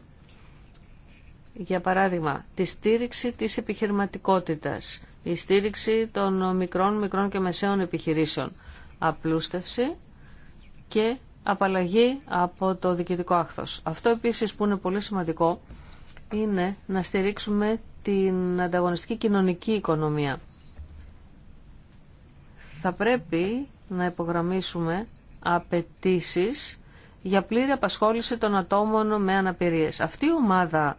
Για παράδειγμα, τη στήριξη της επιχειρηματικότητας, η στήριξη των μικρών, μικρών και μεσαίων επιχειρήσεων, απλούστευση και απαλλαγή από το διοικητικό άχθος. Αυτό επίσης που είναι πολύ σημαντικό είναι να στηρίξουμε την ανταγωνιστική κοινωνική οικονομία. Θα πρέπει να υπογραμμίσουμε απαιτήσει για πλήρη απασχόληση των ατόμων με αναπηρίες. Αυτή η ομάδα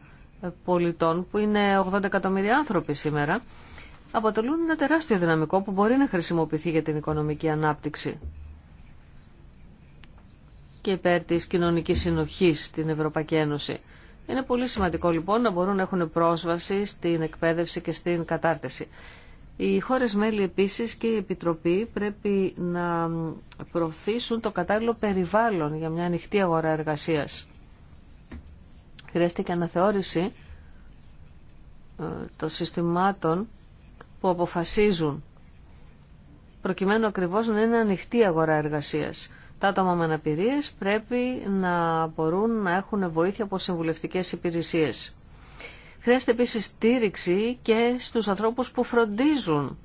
πολιτών, που είναι 80 εκατομμύρια άνθρωποι σήμερα, αποτελούν ένα τεράστιο δυναμικό που μπορεί να χρησιμοποιηθεί για την οικονομική ανάπτυξη και υπέρ της κοινωνικής συνοχής στην Ευρωπαϊκή Ένωση. Είναι πολύ σημαντικό λοιπόν να μπορούν να έχουν πρόσβαση στην εκπαίδευση και στην κατάρτιση. Οι χώρες μέλη επίσης και η Επιτροπή πρέπει να προωθήσουν το κατάλληλο περιβάλλον για μια ανοιχτή αγορά εργασίας. Χρειάστηκε αναθεώρηση ε, των συστημάτων που αποφασίζουν προκειμένου ακριβώς να είναι ανοιχτή αγορά εργασίας. Τα άτομα με αναπηρίες πρέπει να μπορούν να έχουν βοήθεια από συμβουλευτικές υπηρεσίες. Χρειάζεται επίση στήριξη και στους ανθρώπους που φροντίζουν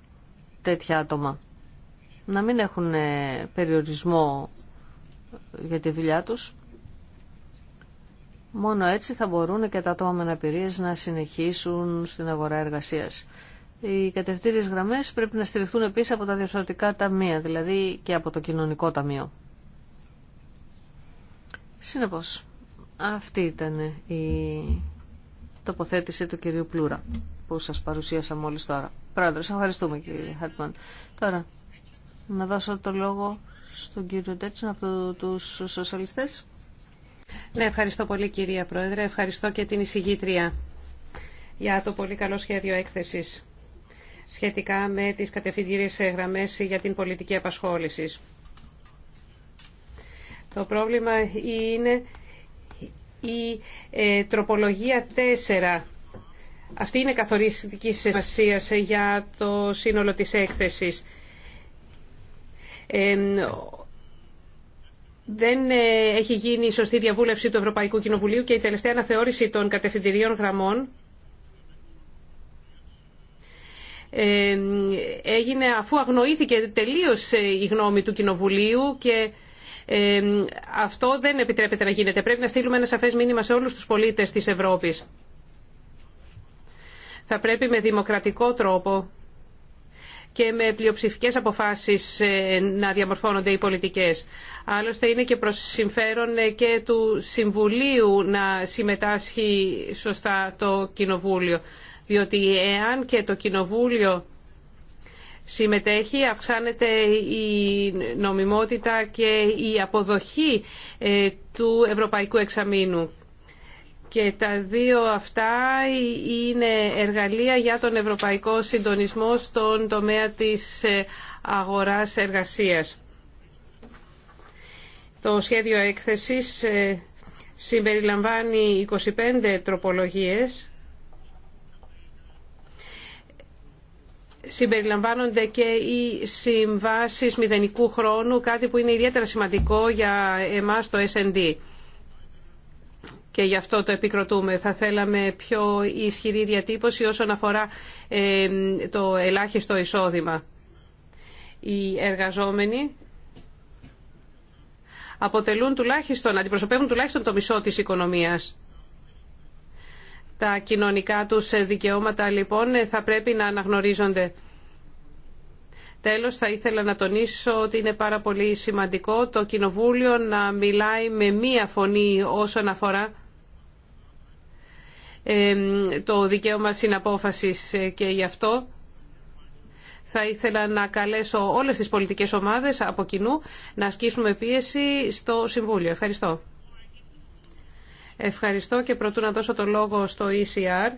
τέτοια άτομα. Να μην έχουν ε, περιορισμό για τη δουλειά τους. Μόνο έτσι θα μπορούν και τα άτομα με αναπηρίες να συνεχίσουν στην αγορά εργασίας. Οι κατευθύνες γραμμές πρέπει να στηριχθούν επίσης από τα διευθυντικά ταμεία, δηλαδή και από το κοινωνικό ταμείο. Συνεπώς, αυτή ήταν η τοποθέτηση του κυρίου Πλούρα που σας παρουσίασα μόλις τώρα. σας ευχαριστούμε κύριε Χάτμαν. Τώρα, να δώσω το λόγο στον κύριο Τέτσον από τους σοσιαλιστές. Ναι, ευχαριστώ πολύ κυρία Πρόεδρε. Ευχαριστώ και την εισηγήτρια για το πολύ καλό σχέδιο έκθεσης σχετικά με τις κατευθυντήριες γραμμές για την πολιτική απασχόληση. Το πρόβλημα είναι η ε, τροπολογία 4. Αυτή είναι καθοριστική σημασία για το σύνολο της έκθεσης. δεν ε, έχει γίνει η σωστή διαβούλευση του Ευρωπαϊκού Κοινοβουλίου και η τελευταία αναθεώρηση των κατευθυντηρίων γραμμών έγινε αφού αγνοήθηκε τελείως ε, η γνώμη του Κοινοβουλίου και αυτό δεν επιτρέπεται να γίνεται. Πρέπει να στείλουμε ένα σαφές μήνυμα σε όλους τους πολίτες της Ευρώπης. Θα πρέπει με δημοκρατικό τρόπο και με πλειοψηφικέ αποφάσεις ε, να διαμορφώνονται οι πολιτικές. Άλλωστε είναι και προ συμφέρον ε, και του Συμβουλίου να συμμετάσχει σωστά το Κοινοβούλιο. Διότι εάν και το Κοινοβούλιο συμμετέχει, αυξάνεται η νομιμότητα και η αποδοχή ε, του Ευρωπαϊκού Εξαμήνου. Και τα δύο αυτά είναι εργαλεία για τον ευρωπαϊκό συντονισμό στον τομέα της ε, αγοράς εργασίας. Το σχέδιο έκθεσης ε, συμπεριλαμβάνει 25 τροπολογίες συμπεριλαμβάνονται και οι συμβάσεις μηδενικού χρόνου, κάτι που είναι ιδιαίτερα σημαντικό για εμάς το S&D. Και γι' αυτό το επικροτούμε. Θα θέλαμε πιο ισχυρή διατύπωση όσον αφορά ε, το ελάχιστο εισόδημα. Οι εργαζόμενοι αποτελούν τουλάχιστον, αντιπροσωπεύουν τουλάχιστον το μισό της οικονομίας. Τα κοινωνικά τους δικαιώματα λοιπόν θα πρέπει να αναγνωρίζονται. Τέλος, θα ήθελα να τονίσω ότι είναι πάρα πολύ σημαντικό το Κοινοβούλιο να μιλάει με μία φωνή όσον αφορά το δικαίωμα συναπόφασης και γι' αυτό θα ήθελα να καλέσω όλες τις πολιτικές ομάδες από κοινού να ασκήσουμε πίεση στο Συμβούλιο. Ευχαριστώ. Ευχαριστώ και προτού να δώσω το λόγο στο ECR.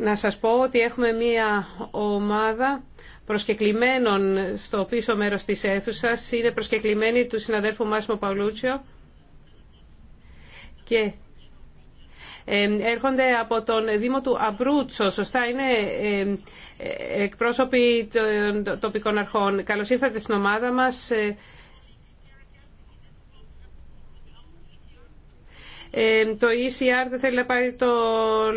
Να σας πω ότι έχουμε μία ομάδα προσκεκλημένων στο πίσω μέρος της αίθουσας. Είναι προσκεκλημένοι του συναδέλφου Μάσιμο Παουλούτσιο και έρχονται από τον Δήμο του Αμπρούτσο. Σωστά είναι εκπρόσωποι των τοπικών αρχών. Καλώς ήρθατε στην ομάδα μας. Ε, Ε, το ECR δεν θέλει να πάρει το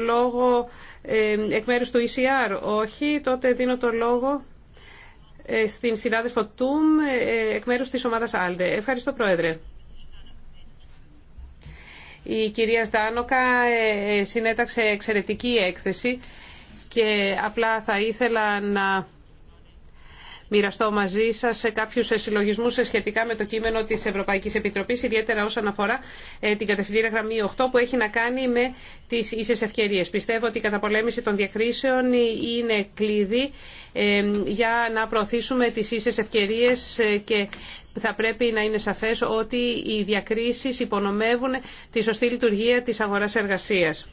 λόγο ε, εκ μέρους του ECR. Όχι, τότε δίνω το λόγο ε, στην συνάδελφο Τουμ εκ μέρους της ομάδας ALDE. Ευχαριστώ Πρόεδρε. Η κυρία Στάνοκα συνέταξε εξαιρετική έκθεση και απλά θα ήθελα να μοιραστώ μαζί σας κάποιους συλλογισμού σχετικά με το κείμενο της Ευρωπαϊκής Επιτροπής, ιδιαίτερα όσον αφορά ε, την κατευθυντήρια γραμμή 8 που έχει να κάνει με τις ίσες ευκαιρίε. Πιστεύω ότι η καταπολέμηση των διακρίσεων είναι κλειδί ε, για να προωθήσουμε τις ίσες ευκαιρίες ε, και θα πρέπει να είναι σαφές ότι οι διακρίσεις υπονομεύουν τη σωστή λειτουργία της αγοράς εργασίας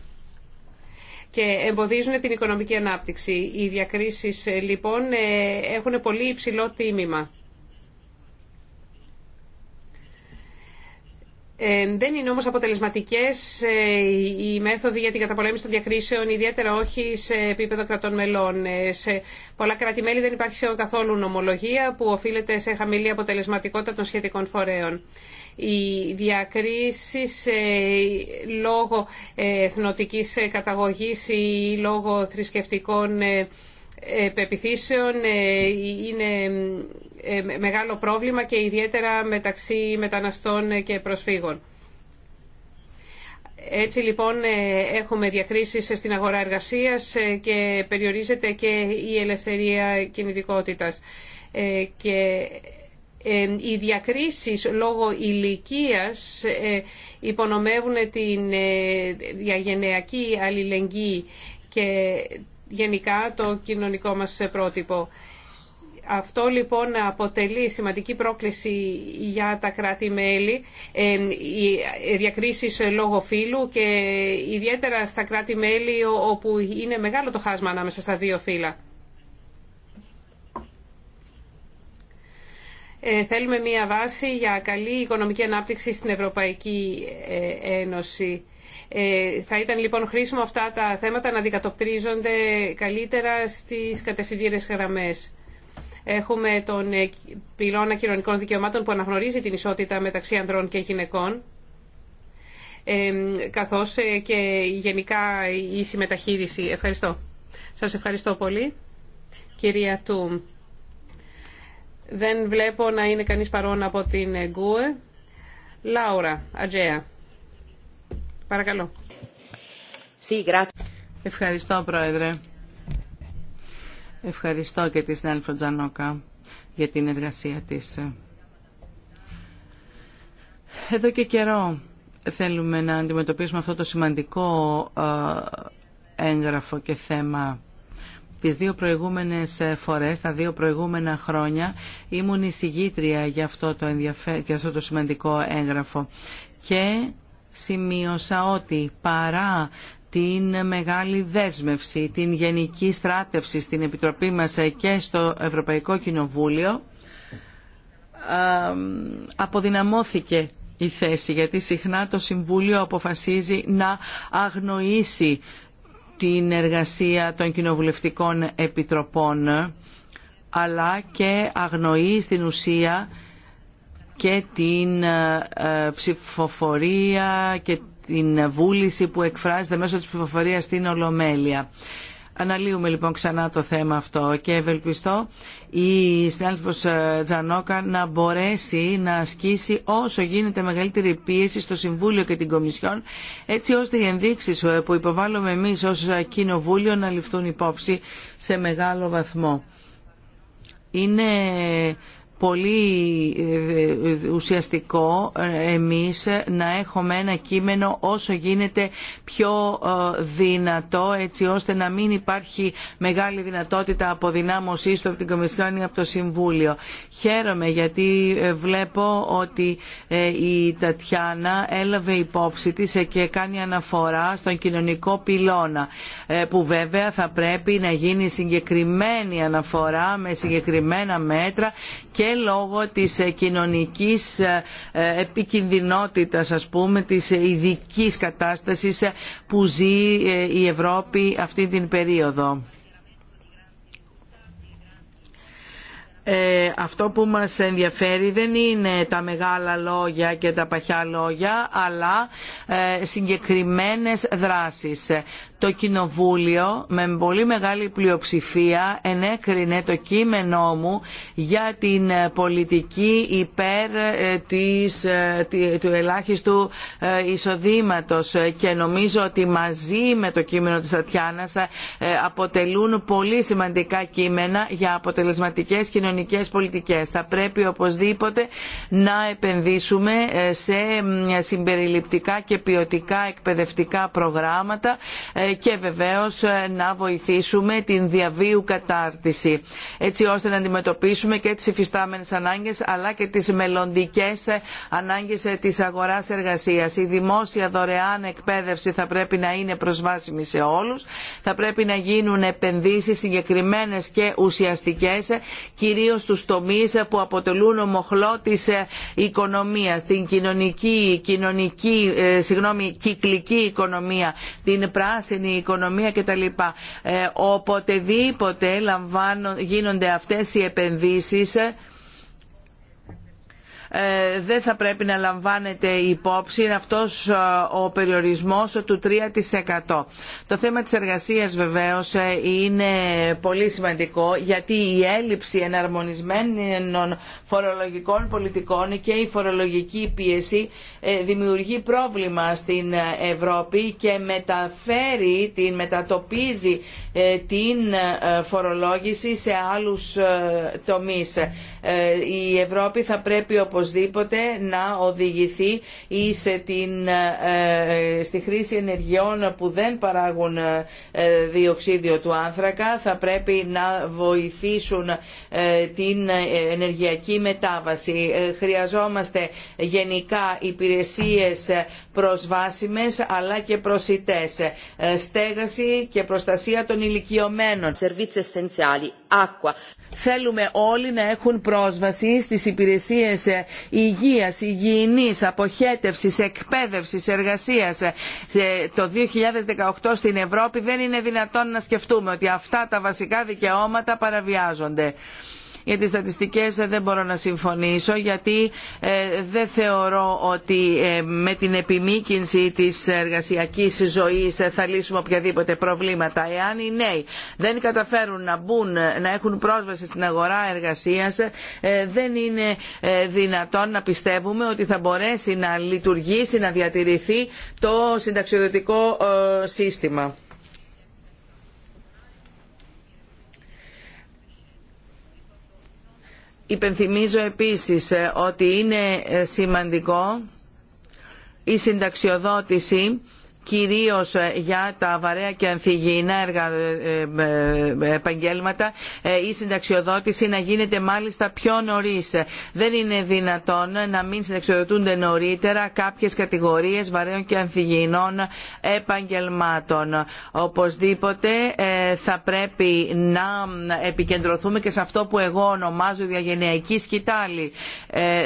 και εμποδίζουν την οικονομική ανάπτυξη. Οι διακρίσεις ε, λοιπόν ε, έχουν πολύ υψηλό τίμημα. Ε, δεν είναι όμως αποτελεσματικές ε, οι μέθοδοι για την καταπολέμηση των διακρίσεων, ιδιαίτερα όχι σε επίπεδο κρατών μελών. Ε, σε πολλά κράτη-μέλη δεν υπάρχει σχεδόν καθόλου νομολογία που οφείλεται σε χαμηλή αποτελεσματικότητα των σχετικών φορέων. Οι διακρίσεις λόγω εθνοτικής καταγωγής ή λόγω θρησκευτικών πεπιθήσεων ε, είναι ε, μεγάλο πρόβλημα και ιδιαίτερα μεταξύ μεταναστών και προσφύγων. Έτσι λοιπόν ε, έχουμε διακρίσεις στην αγορά εργασίας και περιορίζεται και η ελευθερία κινητικότητας. Και οι διακρίσεις λόγω ηλικίας υπονομεύουν την διαγενειακή αλληλεγγύη και γενικά το κοινωνικό μας πρότυπο. Αυτό λοιπόν αποτελεί σημαντική πρόκληση για τα κράτη-μέλη, οι διακρίσεις λόγω φύλου και ιδιαίτερα στα κράτη-μέλη όπου είναι μεγάλο το χάσμα ανάμεσα στα δύο φύλλα. Ε, θέλουμε μία βάση για καλή οικονομική ανάπτυξη στην Ευρωπαϊκή ε, Ένωση. Ε, θα ήταν λοιπόν χρήσιμο αυτά τα θέματα να δικατοπτρίζονται καλύτερα στις κατευθυντήρες γραμμές. Έχουμε τον ε, πυλώνα κοινωνικών δικαιωμάτων που αναγνωρίζει την ισότητα μεταξύ ανδρών και γυναικών ε, καθώς και γενικά η συμμεταχείριση. Ευχαριστώ. Σας ευχαριστώ πολύ. Κυρία Τούμ, δεν βλέπω να είναι κανείς παρόν από την ΓΚΟΕ. Λάουρα, Ατζέα. Παρακαλώ. Ευχαριστώ, Πρόεδρε. Ευχαριστώ και τη συνάδελφο Τζανόκα για την εργασία της. Εδώ και καιρό θέλουμε να αντιμετωπίσουμε αυτό το σημαντικό ε, έγγραφο και θέμα τις δύο προηγούμενες ε, φορές, τα δύο προηγούμενα χρόνια, ήμουν εισηγήτρια για αυτό το, για αυτό το σημαντικό έγγραφο. Και σημείωσα ότι παρά την μεγάλη δέσμευση, την γενική στράτευση στην Επιτροπή μας και στο Ευρωπαϊκό Κοινοβούλιο, αποδυναμώθηκε η θέση, γιατί συχνά το Συμβούλιο αποφασίζει να αγνοήσει την εργασία των κοινοβουλευτικών επιτροπών, αλλά και αγνοεί στην ουσία και την ε, ε, ψηφοφορία και την βούληση που εκφράζεται μέσω της ψηφοφορίας στην Ολομέλεια. Αναλύουμε λοιπόν ξανά το θέμα αυτό και ευελπιστώ η συνάδελφος ε, Τζανόκα να μπορέσει να ασκήσει όσο γίνεται μεγαλύτερη πίεση στο Συμβούλιο και την Κομισιόν έτσι ώστε οι ενδείξεις που υποβάλλουμε εμείς ως Κοινοβούλιο να ληφθούν υπόψη σε μεγάλο βαθμό. Είναι πολύ ε, ουσιαστικό ε, εμείς να έχουμε ένα κείμενο όσο γίνεται πιο ε, δυνατό έτσι ώστε να μην υπάρχει μεγάλη δυνατότητα αποδυνάμωσης του από την Κομισιόν ή από το Συμβούλιο. Χαίρομαι γιατί βλέπω ότι η Τατιάνα έλαβε υπόψη της και κάνει αναφορά στον κοινωνικό πυλώνα που βέβαια θα πρέπει να γίνει συγκεκριμένη αναφορά με συγκεκριμένα μέτρα και και λόγω της ε, κοινωνικής ε, ε, επικινδυνότητας ας πούμε της ειδική κατάστασης που ζει η Ευρώπη αυτή την περίοδο. Ε, αυτό που μας ενδιαφέρει δεν είναι τα μεγάλα λόγια και τα παχιά λόγια αλλά ε, συγκεκριμένες δράσεις το Κοινοβούλιο με πολύ μεγάλη πλειοψηφία ενέκρινε το κείμενό μου για την ε, πολιτική υπέρ ε, της, ε, του ελάχιστου εισοδήματος και νομίζω ότι μαζί με το κείμενο της Αττιάνας αποτελούν πολύ σημαντικά κείμενα για αποτελεσματικές κοινωνικές πολιτικές. Θα πρέπει οπωσδήποτε να επενδύσουμε σε συμπεριληπτικά και ποιοτικά εκπαιδευτικά προγράμματα και βεβαίως ε, να βοηθήσουμε την διαβίου κατάρτιση έτσι ώστε να αντιμετωπίσουμε και τις υφιστάμενες ανάγκες αλλά και τις μελλοντικές ε, ανάγκες ε, της αγοράς εργασίας. Η δημόσια δωρεάν εκπαίδευση θα πρέπει να είναι προσβάσιμη σε όλους, θα πρέπει να γίνουν επενδύσεις συγκεκριμένες και ουσιαστικές κυρίως στους τομείς που αποτελούν ομοχλό της οικονομίας, την κοινωνική, κοινωνική συγγνώμη, κυκλική οικονομία, την πράσινη πράσινη οικονομία κτλ. Ε, οποτεδήποτε γίνονται αυτές οι επενδύσεις ε, δεν θα πρέπει να λαμβάνεται υπόψη είναι αυτός ε, ο περιορισμός του 3%. Το θέμα της εργασίας βεβαίως ε, είναι πολύ σημαντικό γιατί η έλλειψη εναρμονισμένων φορολογικών πολιτικών και η φορολογική πίεση δημιουργεί πρόβλημα στην Ευρώπη και μεταφέρει, την μετατοπίζει την φορολόγηση σε άλλους τομείς ε, η Ευρώπη θα πρέπει οπωσδήποτε να οδηγηθεί ε, την, ε, στη χρήση ενεργειών που δεν παράγουν διοξίδιο του άνθρακα. Θα πρέπει να βοηθήσουν την ενεργειακή μετάβαση. Χρειαζόμαστε γενικά υπηρεσίες προσβάσιμες αλλά και προσιτές. Στέγαση και προστασία των ηλικιωμένων. Θέλουμε όλοι να έχουν πρόσβαση στις υπηρεσίες ε, υγείας, υγιεινής, αποχέτευσης, εκπαίδευσης, εργασίας. Ε, το 2018 στην Ευρώπη δεν είναι δυνατόν να σκεφτούμε ότι αυτά τα βασικά δικαιώματα παραβιάζονται. Για τις στατιστικές ε, δεν μπορώ να συμφωνήσω γιατί ε, δεν θεωρώ ότι ε, με την επιμήκυνση της εργασιακής ζωής θα λύσουμε οποιαδήποτε προβλήματα. Εάν οι νέοι δεν καταφέρουν να μπουν, να έχουν πρόσβαση στην αγορά εργασίας, δεν είναι δυνατόν να πιστεύουμε ότι θα μπορέσει να λειτουργήσει, να διατηρηθεί το συνταξιοδοτικό σύστημα. Υπενθυμίζω επίσης ε, ότι είναι ε, σημαντικό η συνταξιοδότηση κυρίως ε, για τα βαρέα και ανθυγιεινά ε, ε, επαγγέλματα η συνταξιοδότηση να γίνεται μάλιστα πιο νωρίς. Δεν είναι δυνατόν να μην συνταξιοδοτούνται νωρίτερα κάποιες κατηγορίες βαρέων και ανθυγιεινών επαγγελμάτων. Οπωσδήποτε θα πρέπει να επικεντρωθούμε και σε αυτό που εγώ ονομάζω διαγενειακή σκητάλη.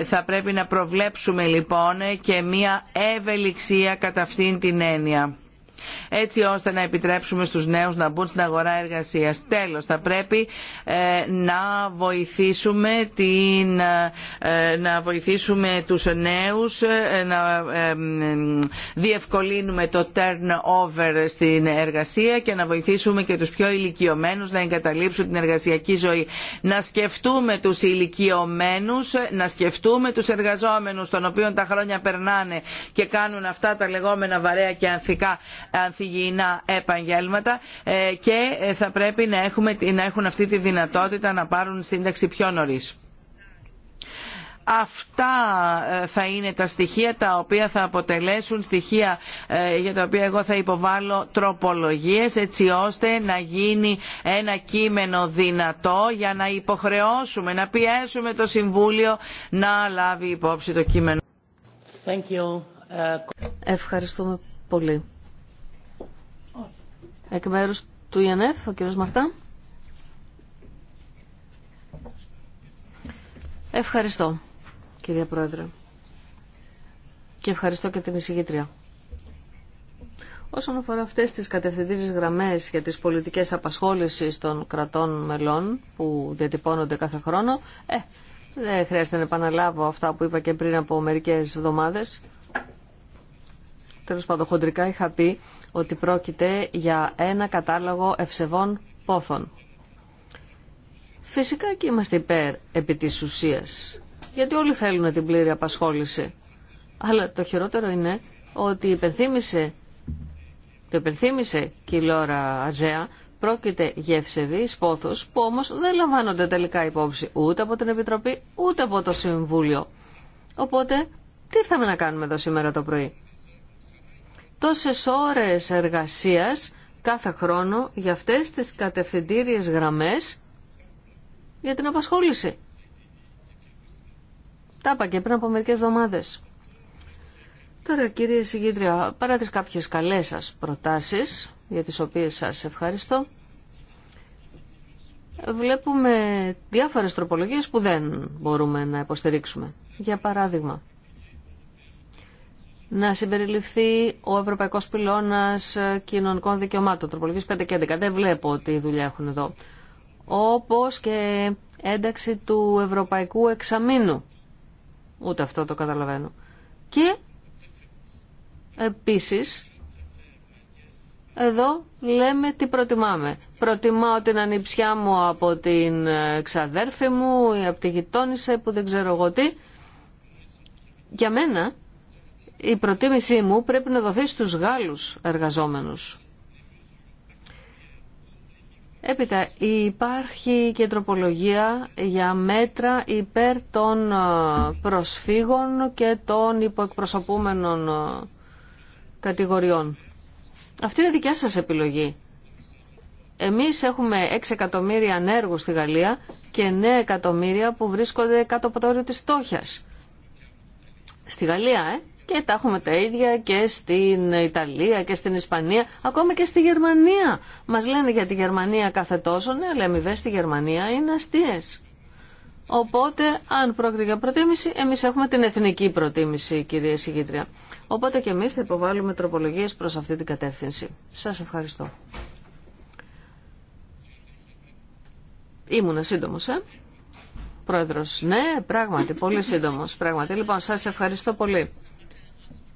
Θα πρέπει να προβλέψουμε λοιπόν και μια ευελιξία κατά αυτήν την έννοια Ρουμανία έτσι ώστε να επιτρέψουμε στους νέους να μπουν στην αγορά εργασίας. Τέλος, θα πρέπει ε, να βοηθήσουμε, την, ε, ε, να βοηθήσουμε τους νέους, να διευκολύνουμε το turnover στην εργασία και να βοηθήσουμε και τους πιο ηλικιωμένους να εγκαταλείψουν την εργασιακή ζωή. Να σκεφτούμε τους ηλικιωμένους, να σκεφτούμε τους εργαζόμενους, των οποίων τα χρόνια περνάνε και κάνουν αυτά τα λεγόμενα βαρέα και ανθικά ανθυγιεινά επαγγέλματα ε, και ε, θα πρέπει να, έχουμε, να έχουν αυτή τη δυνατότητα να πάρουν σύνταξη πιο νωρίς. Αυτά ε, θα είναι τα στοιχεία τα οποία θα αποτελέσουν στοιχεία για τα οποία εγώ θα υποβάλω τροπολογίες έτσι ώστε να γίνει ένα κείμενο δυνατό για να υποχρεώσουμε, να πιέσουμε το Συμβούλιο να λάβει υπόψη το κείμενο. Thank you. Ευχαριστούμε πολύ. Εκ μέρου του ΙΕΝΕΦ, ο κύριος Μαρτά. Ευχαριστώ, κυρία Πρόεδρε. Και ευχαριστώ και την εισηγήτρια. Όσον αφορά αυτές τις κατευθυντήριες γραμμές για τις πολιτικές απασχόληση των κρατών μελών που διατυπώνονται κάθε χρόνο, ε, δεν χρειάζεται να επαναλάβω αυτά που είπα και πριν από μερικέ εβδομάδες. Τέλο πάντων, χοντρικά είχα πει ότι πρόκειται για ένα κατάλογο ευσεβών πόθων. Φυσικά και είμαστε υπέρ επί της ουσίας, γιατί όλοι θέλουν την πλήρη απασχόληση. Αλλά το χειρότερο είναι ότι υπενθύμησε, το υπενθύμησε και η Λόρα Αζέα, πρόκειται για ευσεβείς πόθους που όμως δεν λαμβάνονται τελικά υπόψη ούτε από την Επιτροπή ούτε από το Συμβούλιο. Οπότε, τι ήρθαμε να κάνουμε εδώ σήμερα το πρωί τόσες ώρες εργασίας κάθε χρόνο για αυτές τις κατευθυντήριες γραμμές για την απασχόληση. Τα είπα και πριν από μερικές εβδομάδες. Τώρα κύριε Συγκίτρια, παρά τις κάποιες καλές σας προτάσεις, για τις οποίες σας ευχαριστώ, βλέπουμε διάφορες τροπολογίες που δεν μπορούμε να υποστηρίξουμε. Για παράδειγμα, να συμπεριληφθεί ο Ευρωπαϊκός Πυλώνας Κοινωνικών Δικαιωμάτων, τροπολογίες 5 και 11. Δεν βλέπω τι δουλειά έχουν εδώ. Όπως και ένταξη του Ευρωπαϊκού Εξαμήνου. Ούτε αυτό το καταλαβαίνω. Και επίσης, εδώ λέμε τι προτιμάμε. Προτιμάω την ανιψιά μου από την ε, ξαδέρφη μου ή από τη γειτόνισσα που δεν ξέρω εγώ τι. Για μένα η προτίμησή μου πρέπει να δοθεί στους Γάλλους εργαζόμενους. Έπειτα υπάρχει και τροπολογία για μέτρα υπέρ των ε, προσφύγων και των υποεκπροσωπούμενων ε, κατηγοριών. Αυτή είναι δικιά σας επιλογή. Εμείς έχουμε 6 εκατομμύρια ανέργους στη Γαλλία και 9 εκατομμύρια που βρίσκονται κάτω από το όριο της στόχιας. Στη Γαλλία, ε, και τα έχουμε τα ίδια και στην Ιταλία και στην Ισπανία, ακόμα και στη Γερμανία. Μας λένε για τη Γερμανία κάθε τόσο, ναι, αλλά αμοιβέ στη Γερμανία είναι αστείε. Οπότε, αν πρόκειται για προτίμηση, εμεί έχουμε την εθνική προτίμηση, κυρία Συγκίτρια. Οπότε και εμεί θα υποβάλουμε τροπολογίε προ αυτή την κατεύθυνση. Σα ευχαριστώ. Ήμουνα σύντομο, ε. Πρόεδρο, ναι, πράγματι, πολύ σύντομο. Πράγματι. Λοιπόν, σα ευχαριστώ πολύ.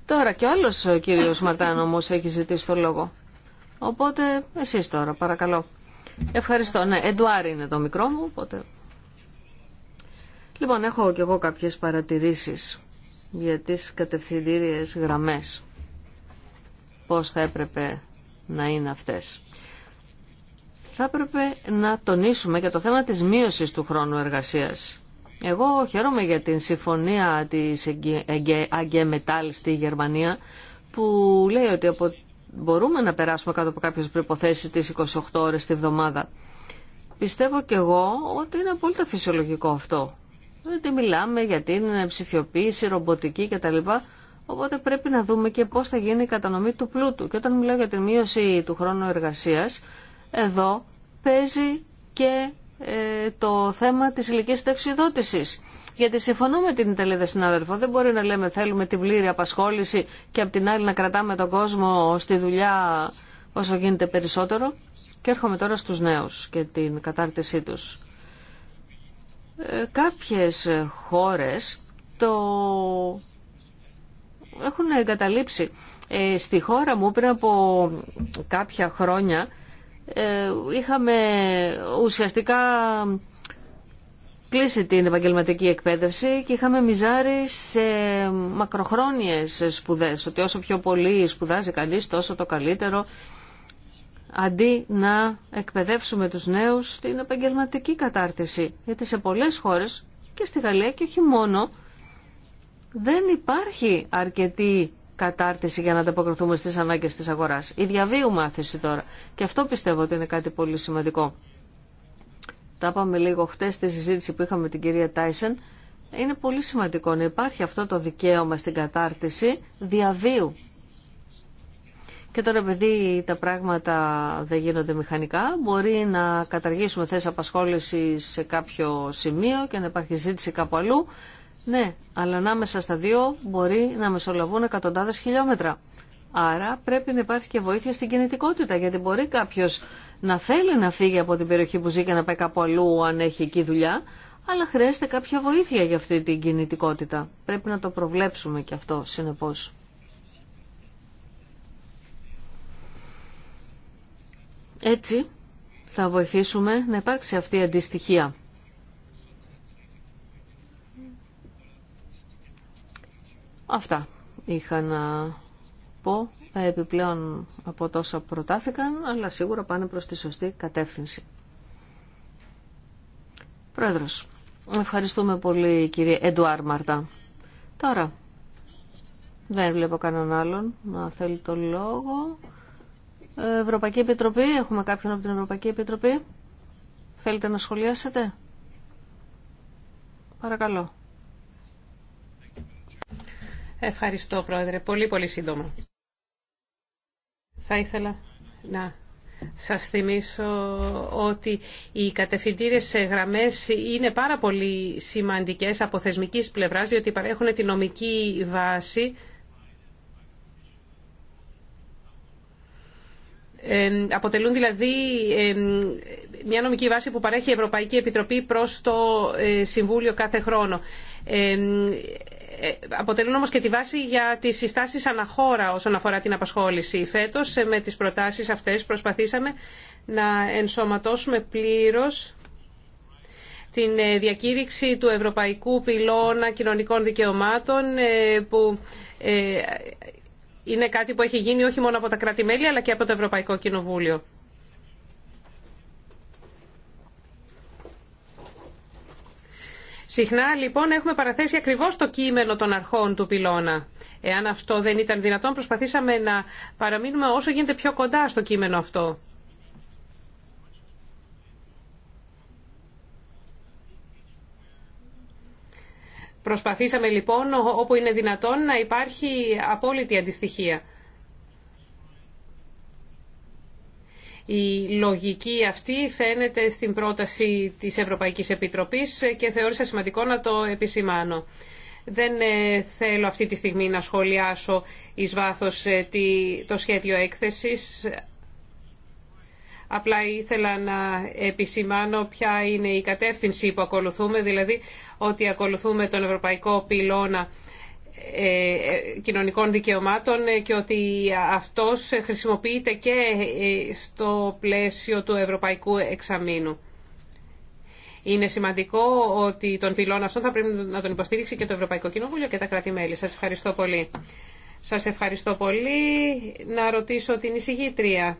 Τώρα και άλλος ο κύριος Μαρτάν όμως έχει ζητήσει το λόγο. Οπότε εσεί τώρα παρακαλώ. Ευχαριστώ. Ναι, Εντουάρι είναι το μικρό μου, οπότε... Λοιπόν, έχω κι εγώ κάποιες παρατηρήσεις για τις κατευθυντήριε γραμμές. Πώς θα έπρεπε να είναι αυτές. Θα έπρεπε να τονίσουμε και το θέμα της μείωσης του χρόνου εργασίας. Εγώ χαίρομαι για την συμφωνία της Αγγε Μετάλ στη Γερμανία που λέει ότι από... μπορούμε να περάσουμε κάτω από κάποιες προϋποθέσεις τις 28 ώρες τη βδομάδα. Πιστεύω και εγώ ότι είναι απόλυτα φυσιολογικό αυτό. Δεν μιλάμε για την ψηφιοποίηση, ρομποτική κτλ. Οπότε πρέπει να δούμε και πώς θα γίνει η κατανομή του πλούτου. Και όταν μιλάω για τη μείωση του χρόνου εργασίας, εδώ παίζει και ε, το θέμα της ηλικής ταξιδότησης. Γιατί συμφωνώ με την Ιταλίδα συνάδελφο, δεν μπορεί να λέμε θέλουμε την πλήρη απασχόληση και απ' την άλλη να κρατάμε τον κόσμο στη δουλειά όσο γίνεται περισσότερο. Και έρχομαι τώρα στους νέους και την κατάρτισή τους. Ε, κάποιες χώρες το έχουν εγκαταλείψει. Ε, στη χώρα μου πριν από κάποια χρόνια ε, είχαμε ουσιαστικά κλείσει την επαγγελματική εκπαίδευση και είχαμε μιζάρει σε μακροχρόνιες σπουδές, ότι όσο πιο πολύ σπουδάζει κανείς τόσο το καλύτερο, αντί να εκπαιδεύσουμε τους νέους στην επαγγελματική κατάρτιση. Γιατί σε πολλές χώρες και στη Γαλλία και όχι μόνο, δεν υπάρχει αρκετή κατάρτιση για να ανταποκριθούμε στις ανάγκες της αγοράς. Η διαβίου μάθηση τώρα. Και αυτό πιστεύω ότι είναι κάτι πολύ σημαντικό. Τα είπαμε λίγο χτες στη συζήτηση που είχαμε με την κυρία Τάισεν. Είναι πολύ σημαντικό να υπάρχει αυτό το δικαίωμα στην κατάρτιση διαβίου. Και τώρα επειδή τα πράγματα δεν γίνονται μηχανικά, μπορεί να καταργήσουμε θέσεις απασχόλησης σε κάποιο σημείο και να υπάρχει ζήτηση κάπου αλλού ναι, αλλά ανάμεσα στα δύο μπορεί να μεσολαβούν εκατοντάδε χιλιόμετρα. Άρα πρέπει να υπάρχει και βοήθεια στην κινητικότητα, γιατί μπορεί κάποιο να θέλει να φύγει από την περιοχή που ζει και να πάει κάπου αλλού αν έχει εκεί δουλειά, αλλά χρειάζεται κάποια βοήθεια για αυτή την κινητικότητα. Πρέπει να το προβλέψουμε και αυτό, συνεπώς. Έτσι θα βοηθήσουμε να υπάρξει αυτή η αντιστοιχία. Αυτά είχα να πω επιπλέον από τόσα προτάθηκαν, αλλά σίγουρα πάνε προς τη σωστή κατεύθυνση. Πρόεδρος, ευχαριστούμε πολύ κύριε Εντουάρ Μαρτά. Τώρα, δεν βλέπω κανέναν άλλον να θέλει το λόγο. Ευρωπαϊκή Επιτροπή, έχουμε κάποιον από την Ευρωπαϊκή Επιτροπή. Θέλετε να σχολιάσετε. Παρακαλώ. Ευχαριστώ, Πρόεδρε. Πολύ, πολύ σύντομα. Θα ήθελα να σας θυμίσω ότι οι κατευθυντήριες γραμμές είναι πάρα πολύ σημαντικές από θεσμικής πλευράς, διότι παρέχουν τη νομική βάση αποτελούν δηλαδή μια νομική βάση που παρέχει η Ευρωπαϊκή Επιτροπή προς το ε, Συμβούλιο κάθε χρόνο. Ε, αποτελούν όμως και τη βάση για τις συστάσεις αναχώρα όσον αφορά την απασχόληση. Φέτος ε, με τις προτάσεις αυτές προσπαθήσαμε να ενσωματώσουμε πλήρως την ε, διακήρυξη του Ευρωπαϊκού Πυλώνα Κοινωνικών Δικαιωμάτων που είναι κάτι που έχει γίνει όχι μόνο από τα κράτη-μέλη αλλά και από το Ευρωπαϊκό Κοινοβούλιο. Συχνά λοιπόν έχουμε παραθέσει ακριβώς το κείμενο των αρχών του πυλώνα. Εάν αυτό δεν ήταν δυνατόν προσπαθήσαμε να παραμείνουμε όσο γίνεται πιο κοντά στο κείμενο αυτό. Προσπαθήσαμε λοιπόν όπου είναι δυνατόν να υπάρχει απόλυτη αντιστοιχία. Η λογική αυτή φαίνεται στην πρόταση της Ευρωπαϊκής Επιτροπής και θεώρησα σημαντικό να το επισημάνω. Δεν ε, θέλω αυτή τη στιγμή να σχολιάσω εις βάθος ε, το σχέδιο έκθεσης. Απλά ήθελα να επισημάνω ποια είναι η κατεύθυνση που ακολουθούμε, δηλαδή ότι ακολουθούμε τον Ευρωπαϊκό Πυλώνα ε, ε, κοινωνικών δικαιωμάτων ε, και ότι αυτός χρησιμοποιείται και στο πλαίσιο του Ευρωπαϊκού Εξαμήνου. Είναι σημαντικό ότι τον πυλόν αυτό θα πρέπει να τον υποστήριξει και το Ευρωπαϊκό Κοινοβούλιο και τα κράτη-μέλη. Σας ευχαριστώ πολύ. Σας ευχαριστώ πολύ. Να ρωτήσω την εισηγήτρια,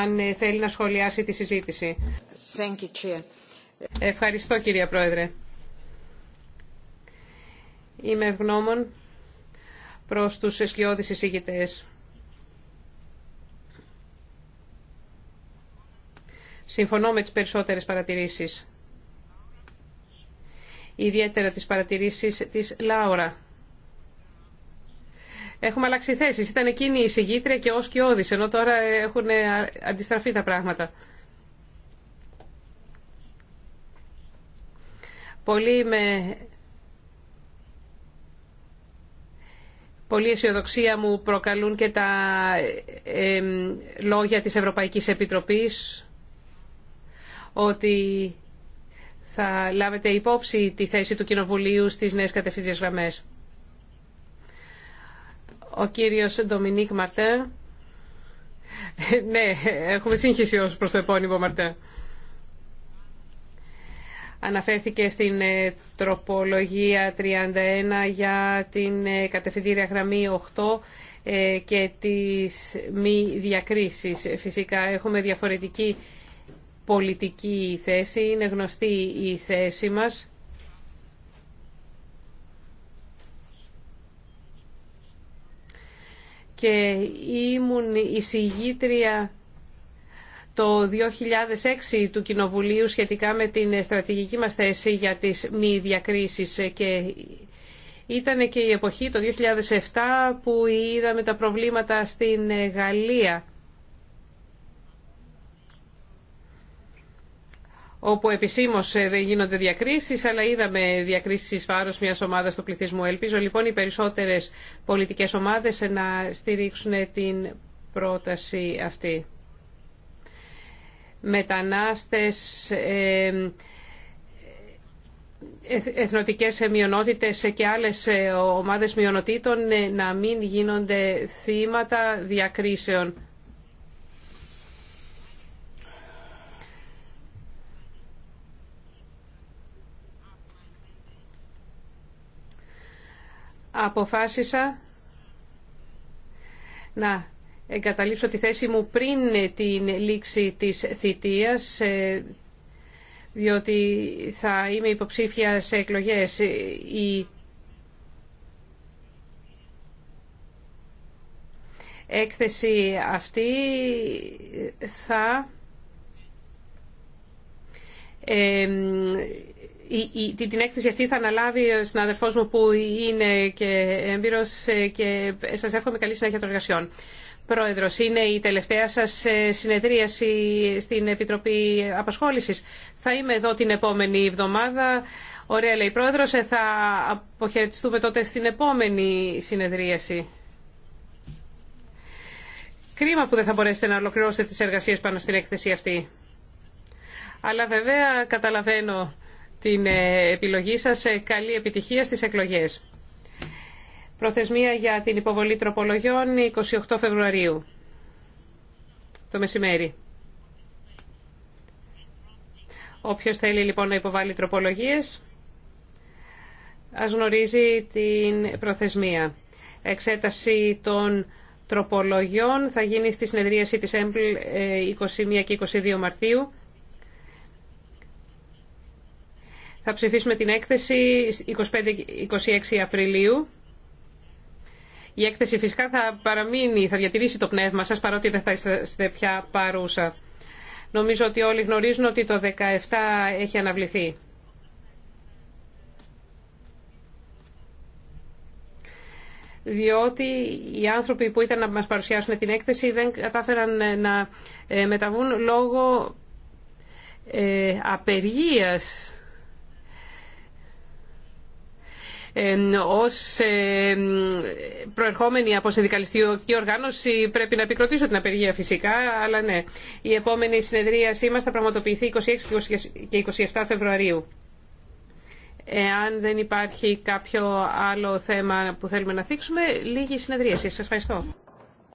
αν θέλει να σχολιάσει τη συζήτηση. Ευχαριστώ, κυρία Πρόεδρε. Είμαι ευγνώμων προς τους εσκιώδεις εισηγητές. Συμφωνώ με τις περισσότερες παρατηρήσεις. Ιδιαίτερα τις παρατηρήσεις της Λάουρα. Έχουμε αλλάξει θέσεις. Ήταν εκείνη η εισηγήτρια και ο Σκιώδης, ενώ τώρα έχουν αντιστραφεί τα πράγματα. Πολύ με Πολύ αισιοδοξία μου προκαλούν και τα ε, ε, λόγια της Ευρωπαϊκής Επιτροπής ότι θα λάβετε υπόψη τη θέση του Κοινοβουλίου στις νέες κατευθύντες γραμμές. Ο κύριος Ντομινίκ Μαρτέ. Ε, ναι, έχουμε σύγχυση ως προς το επώνυμο Μαρτέ αναφέρθηκε στην ε, τροπολογία 31 για την ε, κατευθυντήρια γραμμή 8 ε, και τις μη διακρίσεις. Φυσικά έχουμε διαφορετική πολιτική θέση, είναι γνωστή η θέση μας. Και ήμουν εισηγήτρια το 2006 του Κοινοβουλίου σχετικά με την στρατηγική μας θέση για τις μη διακρίσεις και ήταν και η εποχή το 2007 που είδαμε τα προβλήματα στην Γαλλία όπου επισήμως ε, δεν γίνονται διακρίσεις, αλλά είδαμε διακρίσεις εις βάρος μιας ομάδας του πληθυσμού. Ελπίζω λοιπόν οι περισσότερες πολιτικές ομάδες να στηρίξουν την πρόταση αυτή μετανάστες, ε, ε, εθνοτικές μειονότητες και άλλες ε, ομάδες μειονοτήτων να μην γίνονται θύματα διακρίσεων. Αποφάσισα να εγκαταλείψω τη θέση μου πριν την λήξη της θητείας, ε, διότι θα είμαι υποψήφια σε εκλογές. Η έκθεση αυτή θα... την έκθεση αυτή θα αναλάβει ο συναδελφός μου που είναι και έμπειρος ε, και σας εύχομαι καλή συνέχεια των εργασιών. Πρόεδρος, είναι η τελευταία σας ε, συνεδρίαση στην Επιτροπή Απασχόλησης. Θα είμαι εδώ την επόμενη εβδομάδα. Ωραία λέει Πρόεδρος, ε, θα αποχαιρετιστούμε τότε στην επόμενη συνεδρίαση. Κρίμα που δεν θα μπορέσετε να ολοκληρώσετε τις εργασίες πάνω στην έκθεση αυτή. Αλλά βέβαια καταλαβαίνω την ε, επιλογή σας. Καλή επιτυχία στις εκλογές. Προθεσμία για την υποβολή τροπολογιών 28 Φεβρουαρίου το μεσημέρι. Όποιο θέλει λοιπόν να υποβάλει τροπολογίε α γνωρίζει την προθεσμία. Εξέταση των τροπολογιών θα γίνει στη συνεδρίαση τη ΕΜΠΛ 21 ε, και 22 Μαρτίου. Θα ψηφίσουμε την έκθεση 25-26 Απριλίου η έκθεση φυσικά θα παραμείνει, θα διατηρήσει το πνεύμα σας παρότι δεν θα είστε πια παρούσα. Νομίζω ότι όλοι γνωρίζουν ότι το 17 έχει αναβληθεί. διότι οι άνθρωποι που ήταν να μας παρουσιάσουν την έκθεση δεν κατάφεραν ε, να ε, μεταβούν λόγω ε, απεργίας Ω προερχόμενη από συνδικαλιστική οργάνωση πρέπει να επικροτήσω την απεργία φυσικά, αλλά ναι. Η επόμενη συνεδρίασή μα θα πραγματοποιηθεί 26 και 27 Φεβρουαρίου. Εάν δεν υπάρχει κάποιο άλλο θέμα που θέλουμε να θίξουμε, λίγη συνεδρίαση. Σας ευχαριστώ.